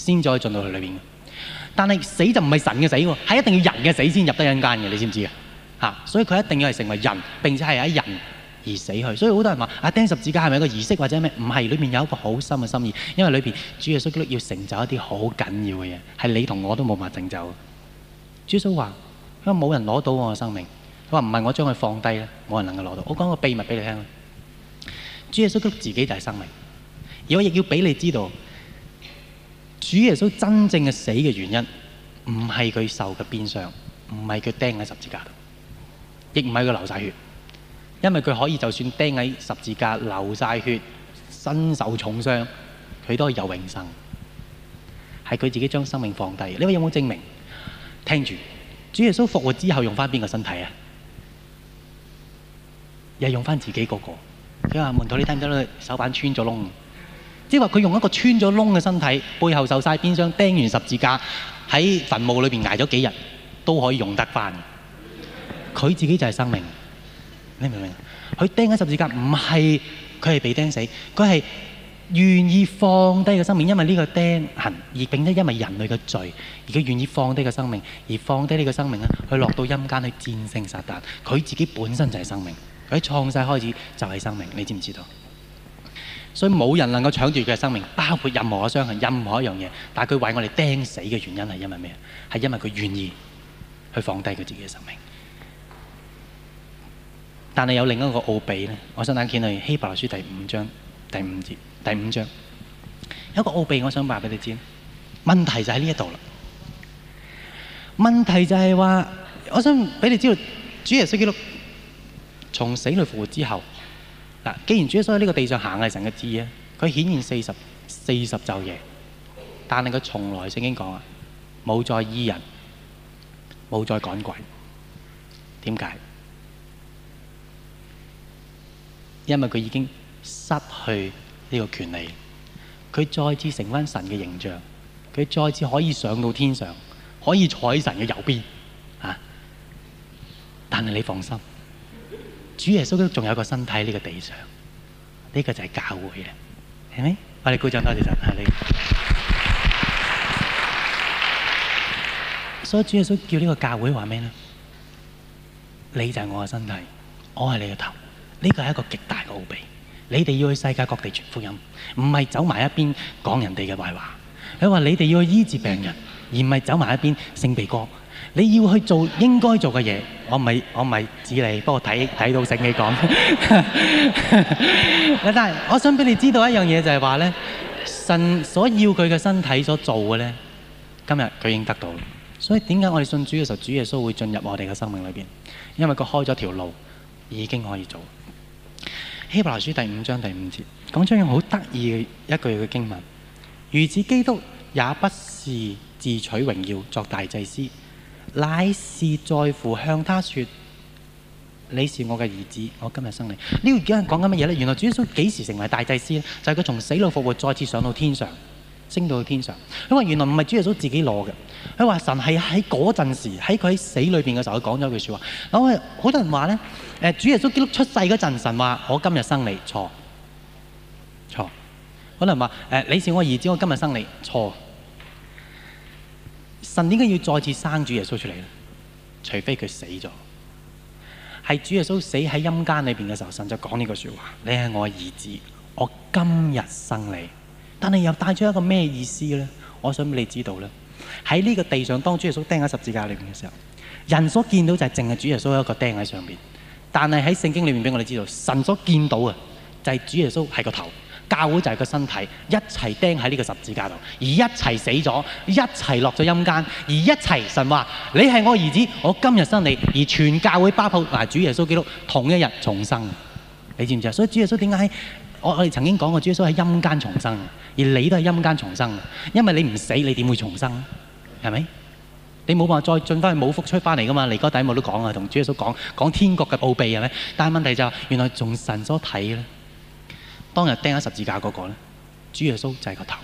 先再可進到去裏邊嘅，但係死就唔係神嘅死喎，係一定要人嘅死先入得陰間嘅，你知唔知啊？嚇，所以佢一定要係成為人，並且係喺人而死去。所以好多人話：阿、啊、釘十字架係咪一個儀式或者咩？唔係，裏面有一個好深嘅心意，因為裏邊主耶穌基督要成就一啲好緊要嘅嘢，係你同我都冇辦法成就。主耶穌話：因為冇人攞到我嘅生命，佢話唔係我將佢放低啦，冇人能夠攞到。我講個秘密俾你聽啊！主耶穌基督自己就係生命，而我亦要俾你知道。主耶穌真正嘅死嘅原因，唔係佢受嘅鞭傷，唔係佢釘喺十字架度，亦唔係佢流晒血，因為佢可以就算釘喺十字架、流晒血、身受重傷，佢都係有永生，係佢自己將生命放低。你話有冇有證明？聽住，主耶穌復活之後用翻邊個身體啊？又用翻自己嗰個、個。佢話門徒，你睇唔睇到手板穿咗窿？即係話佢用一個穿咗窿嘅身體，背後受晒鞭傷，釘完十字架喺墳墓裏邊挨咗幾日，都可以用得返。佢自己就係生命，你明唔明？佢釘緊十字架唔係佢係被釘死，佢係願意放低個生命，因為呢個釘痕而並且因為人類嘅罪而佢願意放低個生命而放低呢個生命咧，去落到陰間去戰勝撒但。佢自己本身就係生命，佢喺創世開始就係生命，你知唔知道？所以冇人能夠搶奪佢嘅生命，包括任何嘅傷痕，任何一樣嘢。但係佢為我哋釘死嘅原因係因為咩？係因為佢願意去放低佢自己嘅生命。但係有另一個奧秘咧，我想眼見到希伯來書第五章第五節，第五章有一個奧秘，我想話俾你知。問題就喺呢一度啦。問題就係話，我想俾你知道，主耶穌基督從死裏復活之後。嗱，既然主所喺呢個地上行係神嘅旨意，佢顯現四十四十晝夜，但係佢從來聖經講啊，冇再醫人，冇再趕鬼，點解？因為佢已經失去呢個權利，佢再次成翻神嘅形象，佢再次可以上到天上，可以坐喺神嘅右邊啊！但係你放心。主耶穌都仲有個身體喺呢個地上，呢、這個就係教會啦，係咪？我哋鼓掌多謝晒你。 <laughs> 所以主耶穌叫呢個教會話咩咧？你就係我嘅身體，我係你嘅頭。呢、這個係一個極大嘅奧秘。你哋要去世界各地傳福音，唔係走埋一邊講人哋嘅壞話。佢話你哋要去醫治病人，而唔係走埋一邊性地歌。你要去做應該做嘅嘢，我唔係我唔係指你，不過睇睇到成你講。說 <laughs> 但係，我想俾你知道一樣嘢，就係話咧，神所要佢嘅身體所做嘅咧，今日佢已經得到了。所以點解我哋信主嘅時候，主耶穌會進入我哋嘅生命裏邊？因為佢開咗條路，已經可以做。希伯來書第五章第五節講咗樣好得意嘅一句嘅經文：如此基督也不是自取榮耀作大祭司。乃是在乎向他說：你是我嘅兒子，我今日生你。呢個而家呢句講緊乜嘢咧？原來主耶穌幾時成為大祭司咧？就係、是、佢從死裏复活，再次上到天上，升到去天上。佢話原來唔係主耶穌自己攞嘅。佢話神係喺嗰陣時，喺佢喺死裏邊嘅時候，佢講咗一句說話。咁啊，好多人話咧，誒，主耶穌基督出世嗰陣，神話我今日生你，錯錯。可能話誒，你是我嘅兒子，我今日生你，錯。神點解要再次生主耶穌出嚟啦，除非佢死咗。係主耶穌死喺陰間裏邊嘅時候，神就講呢句說話，你係我兒子，我今日生你。但係又帶出一個咩意思咧？我想俾你知道咧。喺呢個地上，當主耶穌釘喺十字架裏邊嘅時候，人所見到就係淨係主耶穌一個釘喺上邊。但係喺聖經裏面俾我哋知道，神所見到啊，就係主耶穌係個頭。教會就係個身體，一齊釘喺呢個十字架度，而一齊死咗，一齊落咗陰間，而一齊神話你係我兒子，我今日生你，而全教會包括嗱主耶穌基督同一日重生，你知唔知啊？所以主耶穌點解喺我，我哋曾經講過，主耶穌喺陰間重生，而你都係陰間重生，因為你唔死，你點會重生？係咪？你冇辦法再進翻去冇福出翻嚟㗎嘛？尼哥底母都講啊，同主耶穌講講天國嘅奧秘係咪？但係問題就係原來從神所睇咧。當日釘喺十字架嗰個咧，主耶穌就係個頭，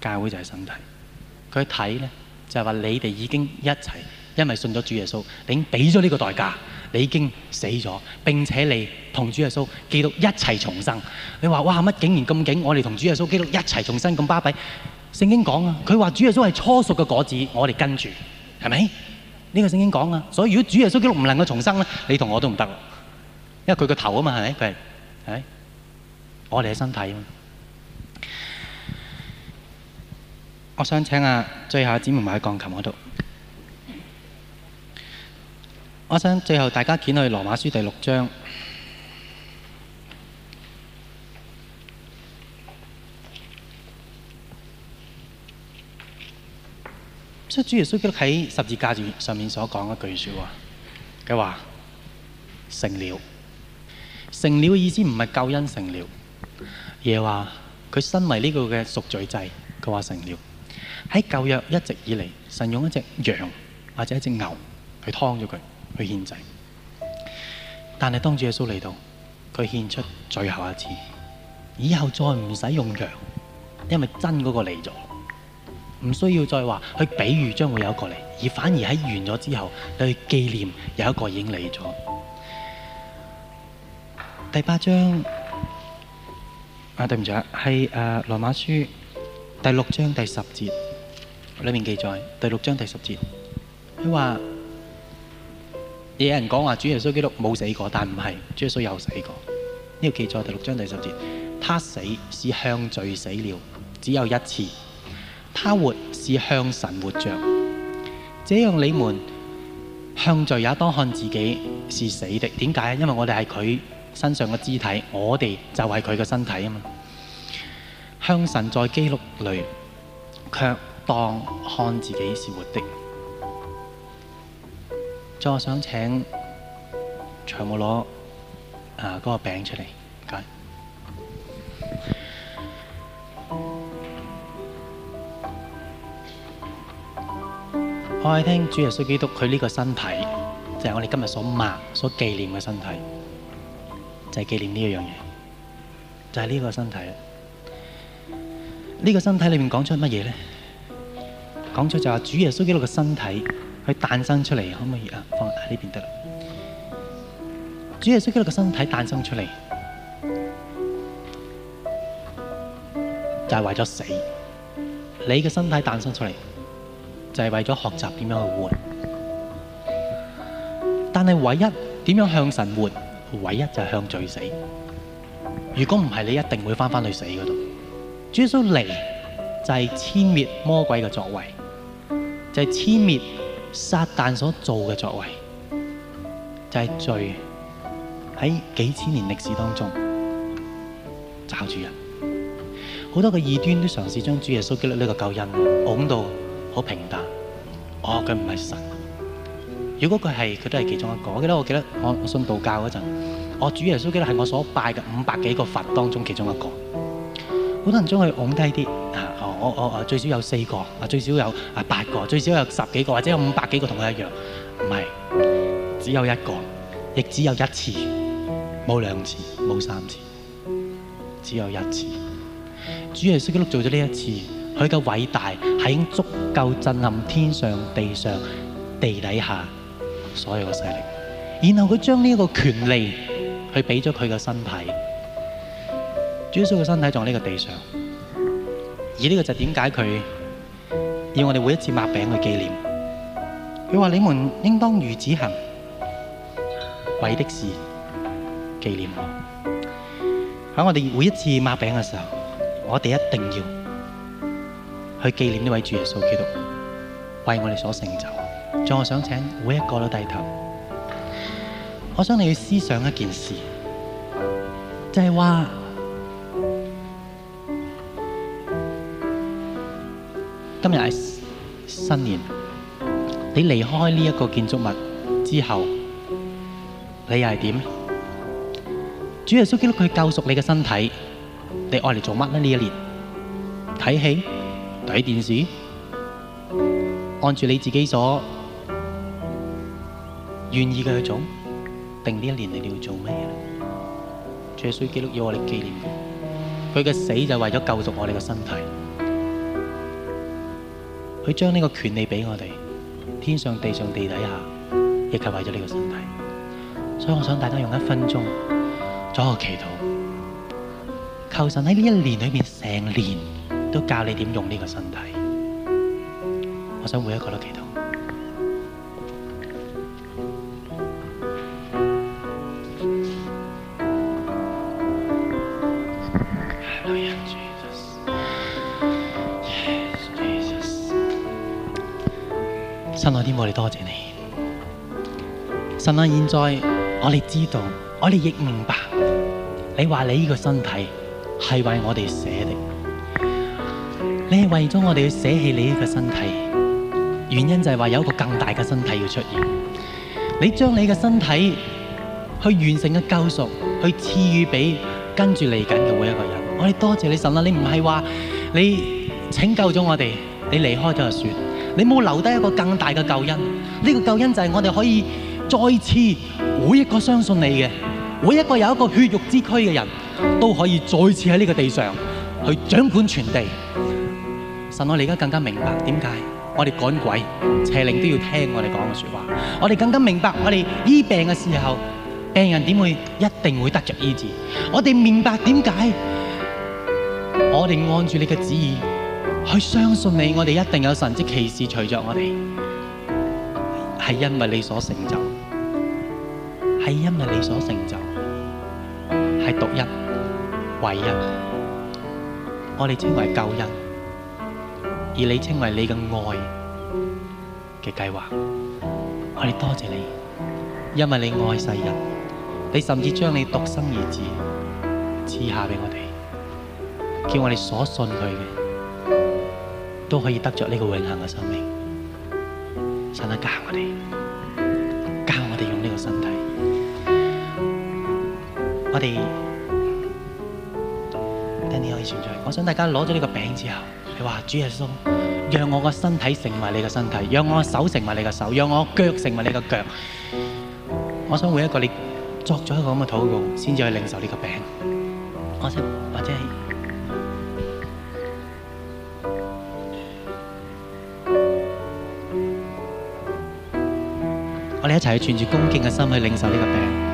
教會就係身體。佢睇咧就係話你哋已經一齊，因為信咗主耶穌，你俾咗呢個代價，你已經死咗，並且你同主耶穌基督一齊重生。你話哇乜竟然咁勁？我哋同主耶穌基督一齊重生咁巴閉。聖經講啊，佢話主耶穌係初熟嘅果子，我哋跟住係咪？呢個聖經講啊。所以如果主耶穌基督唔能夠重生咧，你同我都唔得咯，因為佢個頭啊嘛，係咪？佢係係。我哋嘅身體，我想請啊，最後姊妹埋鋼琴嗰度。我想最後大家檢去羅馬書第六章，即係主耶穌基督喺十字架上面所講一句說話，佢話成了，成了嘅意思唔係救恩成了。耶話佢身為呢個嘅贖罪祭，佢話成了。喺舊約一直以嚟，神用一隻羊或者一隻牛去劏咗佢去獻祭。但係當主耶穌嚟到，佢獻出最後一次，以後再唔使用用羊，因為真嗰個嚟咗，唔需要再話去比喻將會有一個嚟，而反而喺完咗之後，你去紀念有一個已經嚟咗。第八章。啊，對唔住，係誒《羅馬書》第六章第十節裏面記載，第六章第十節，佢話有人講話主耶穌基督冇死過，但唔係，主耶穌有死過。呢個記載第六章第十節，他死是向罪死了，只有一次；他活是向神活着。這樣你們向罪也當看自己是死的。點解？因為我哋係佢身上嘅肢體，我哋就係佢嘅身體啊嘛！香神在基督裏，卻當看自己是活的。再想請長老攞啊嗰個餅出嚟，唔該。我係聽主耶穌基督，佢呢個身體，就係我哋今日所擘、所紀念嘅身體。就係紀念呢一樣嘢，就係、係、呢個身體。呢、呢個身體裏面講出係乜嘢咧？講出就係主耶穌基督嘅身體，佢誕生出嚟，可唔可以啊？放喺呢邊得啦。主耶穌基督嘅身體誕生出嚟，就係、係、為咗死。你嘅身體誕生出嚟，就係、係、為咗學習點樣去活。但係唯一點樣向神活？唯一就係向罪死，如果唔係，你一定會返返去死嗰度。主耶穌嚟，就係殲滅魔鬼嘅作為，就係殲滅撒旦所做嘅作為，就係罪。喺幾千年歷史當中，找住人。好多嘅異端都嘗試將主耶穌基督呢個救恩講到好平淡，哦，佢唔係神。如果佢係，佢都係其中一個。我記得，我記得我信道教嗰陣。我、哦、主耶穌基督係我所拜嘅五百幾個佛當中其中一個，好多人將佢拱低啲啊！我我我最少有四個，啊最少有啊八個，最少有十幾個，或者有五百幾個同我一樣，唔係，只有一個，亦只有一次，冇兩次，冇三次，只有一次。主耶穌基督做咗呢一次，佢嘅偉大係已經足夠震撼天上地上地底下所有嘅勢力，然後佢將呢個權利。佢俾咗佢嘅身體，主耶穌嘅身體仲喺呢個地上，而呢個就點解佢要我哋每一次擘餅去紀念？佢話：你們應當如此行，為的是紀念在我。喺我哋每一次擘餅嘅時候，我哋一定要去紀念呢位主耶穌基督為我哋所成就。仲我想請每一個都低頭。我想你去思想一件事，就係話今日係新年，你離開呢一個建築物之後，你又係點？主耶穌基督佢救贖你嘅身體，你愛嚟做乜呢？呢一年睇戲睇電視，按住你自己所願意嘅去做。定呢一年你哋要做咩嘢？主耶穌基督要我哋紀念佢，佢嘅死就為咗救贖我哋嘅身體，佢將呢個權利俾我哋，天上地上地底下，亦係為咗呢個身體。所以我想大家用一分鐘做一個祈禱，求神喺呢一年裏面成年都教你點用呢個身體。我想每一個都祈禱。我現在，我哋知道，我哋亦明白。你話你呢個身體係為我哋捨嘅，你係為咗我哋要捨棄你呢個身體。原因就係話有一個更大嘅身體要出現。你將你嘅身體去完成嘅救贖，去賜予俾跟住嚟緊嘅每一個人。我哋多謝你神喇！你唔係話你拯救咗我哋，你離開咗就算。你冇留低一個更大嘅救恩。呢、這個救恩就係我哋可以。再次，每一個相信你嘅，每一個有一個血肉之軀嘅人，都可以再次喺呢個地上去掌管全地。神，我哋而家更加明白點解我哋趕鬼、邪靈都要聽我哋講嘅說的話，我哋更加明白我哋醫病嘅時候，病人點會一定會得着醫治。我哋明白點解，我哋按住你嘅旨意去相信你，我哋一定有神蹟奇事隨着我哋，係因為你所成就。係因為你所成就，係獨一唯一，我哋稱為救恩，而你稱為你嘅愛嘅計劃。我哋多謝你，因為你愛世人，你甚至將你獨生兒子賜下俾我哋，叫我哋所信佢嘅都可以得着呢個永恆嘅生命，神得教我哋。我哋等你可以存在。我想大家攞咗呢個餅之後，你話：主耶穌，讓我個身體成為你嘅身體，讓我個手成為你嘅手，讓我腳成為你嘅腳。我想每一個你作咗一個咁嘅禱告，先至去領受呢個餅。我想，我即係，我哋一齊去傳住恭敬嘅心去領受呢個餅。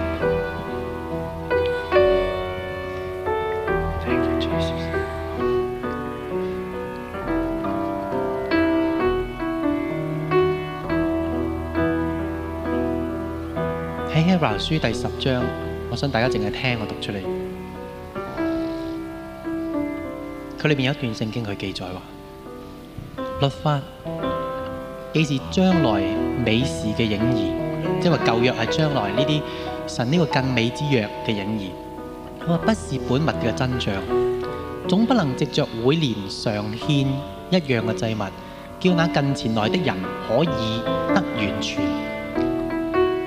書第十章，我想大家淨係聽我讀出嚟。佢裏邊有一段聖經，佢記載話：律法既是將來美事嘅影兒，即係話舊約係將來呢啲神呢個更美之約嘅影兒。佢話不是本物嘅真相，總不能藉着每年常獻一樣嘅祭物，叫那近前來的人可以得完全。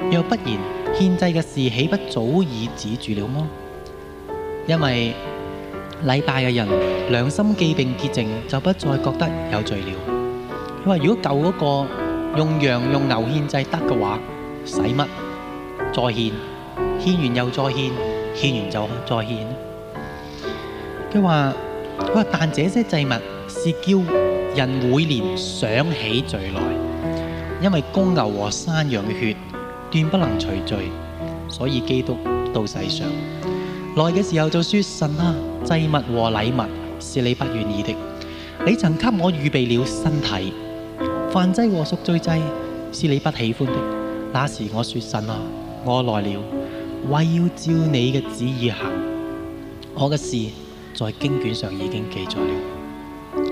若不然，獻祭嘅事，豈不早已止住了麼？因為禮拜嘅人良心既被潔淨，就不再覺得有罪了。佢話如果舊嗰個用羊用牛獻祭得嘅話，使乜再獻？獻完又再獻，獻完就再獻。佢話佢話，但這些祭物是叫人每年想起罪來，因為公牛和山羊嘅血。斷不能除罪，所以基督到世上來嘅時候就說：神啊，祭物和禮物是你不願意的，你曾給我預備了身體，燔祭和贖罪祭是你不喜歡的。那時我說：神啊，我來了，為要照你嘅旨意行。我嘅事在經卷上已經記載了。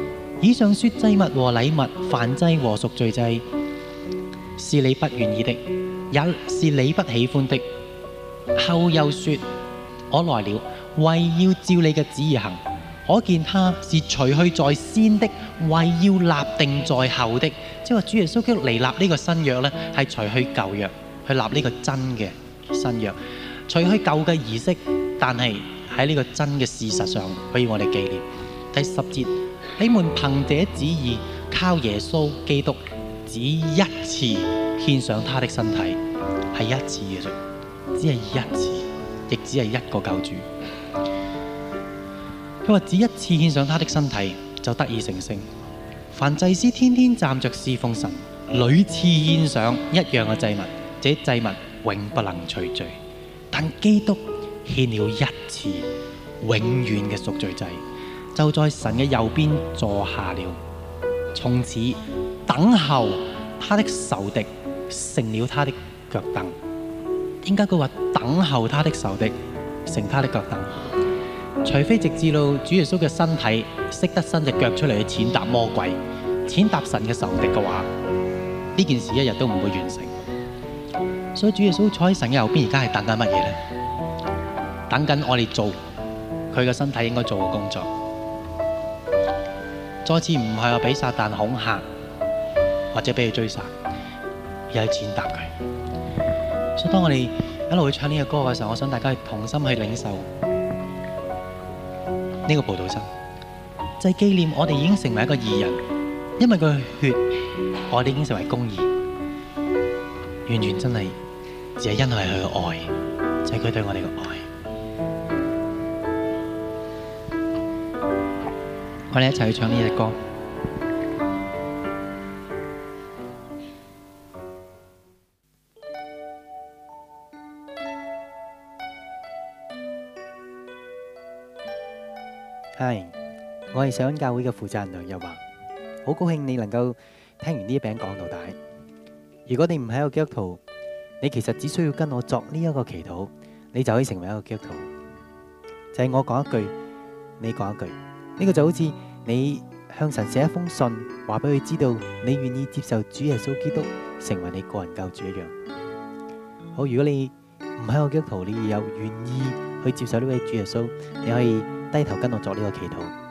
以上說祭物和禮物、燔祭和贖罪祭是你不願意的。也是你不喜歡的。後又說：我來了，為要照你嘅旨意行。可見他是除去在先的，為要立定在後的。即係話，主耶穌基督嚟立呢個新約呢？係除去舊約，去立呢個真嘅新約。除去舊嘅儀式，但係喺呢個真嘅事實上，俾我哋紀念。第十節，你們憑這旨意，靠耶穌基督，只一次。獻上他的身體係一次嘅事，只係一次，亦只係一個救主。佢話只一次獻上他的身體，就得以成聖。凡祭司天天站着侍奉神，屢次獻上一樣嘅祭物，這祭物永不能除罪。但基督獻了一次永遠嘅贖罪祭，就在神嘅右邊坐下了，從此等候他的仇敵。成了他的腳凳，點解佢話等候他的仇敵，成他的腳凳？除非直至到主耶穌嘅身體識得伸隻腳出嚟去踐踏魔鬼，踐踏神嘅仇敵嘅話，呢件事一日都唔會完成。所以主耶穌坐喺神嘅後邊，而家係等緊乜嘢咧？等緊我哋做佢嘅身體應該做嘅工作。再次唔係話俾撒旦恐嚇，或者俾佢追殺。有去踐踏佢，所以當我哋一路去唱呢個歌嘅時候，我想大家同心去領受呢個葡萄心，就係紀念我哋已經成為一個義人，因為佢嘅血，我哋已經成為公義，完全真係只係因為佢嘅愛，就係佢對我哋嘅愛。我哋一齊去唱呢隻歌。我係上恩教會嘅負責人梁日華，好高興你能夠聽完呢一餅講道帶。如果你唔喺個基督徒，你其實只需要跟我作呢一個祈禱，你就可以成為一個基督徒。就係我講一句，你講一句，呢個就好似你向神寫一封信，話俾佢知道你願意接受主耶穌基督成為你個人救主一樣。好，如果你唔喺個基督徒，你又願意去接受呢位主耶穌，你可以低頭跟我作呢個祈禱。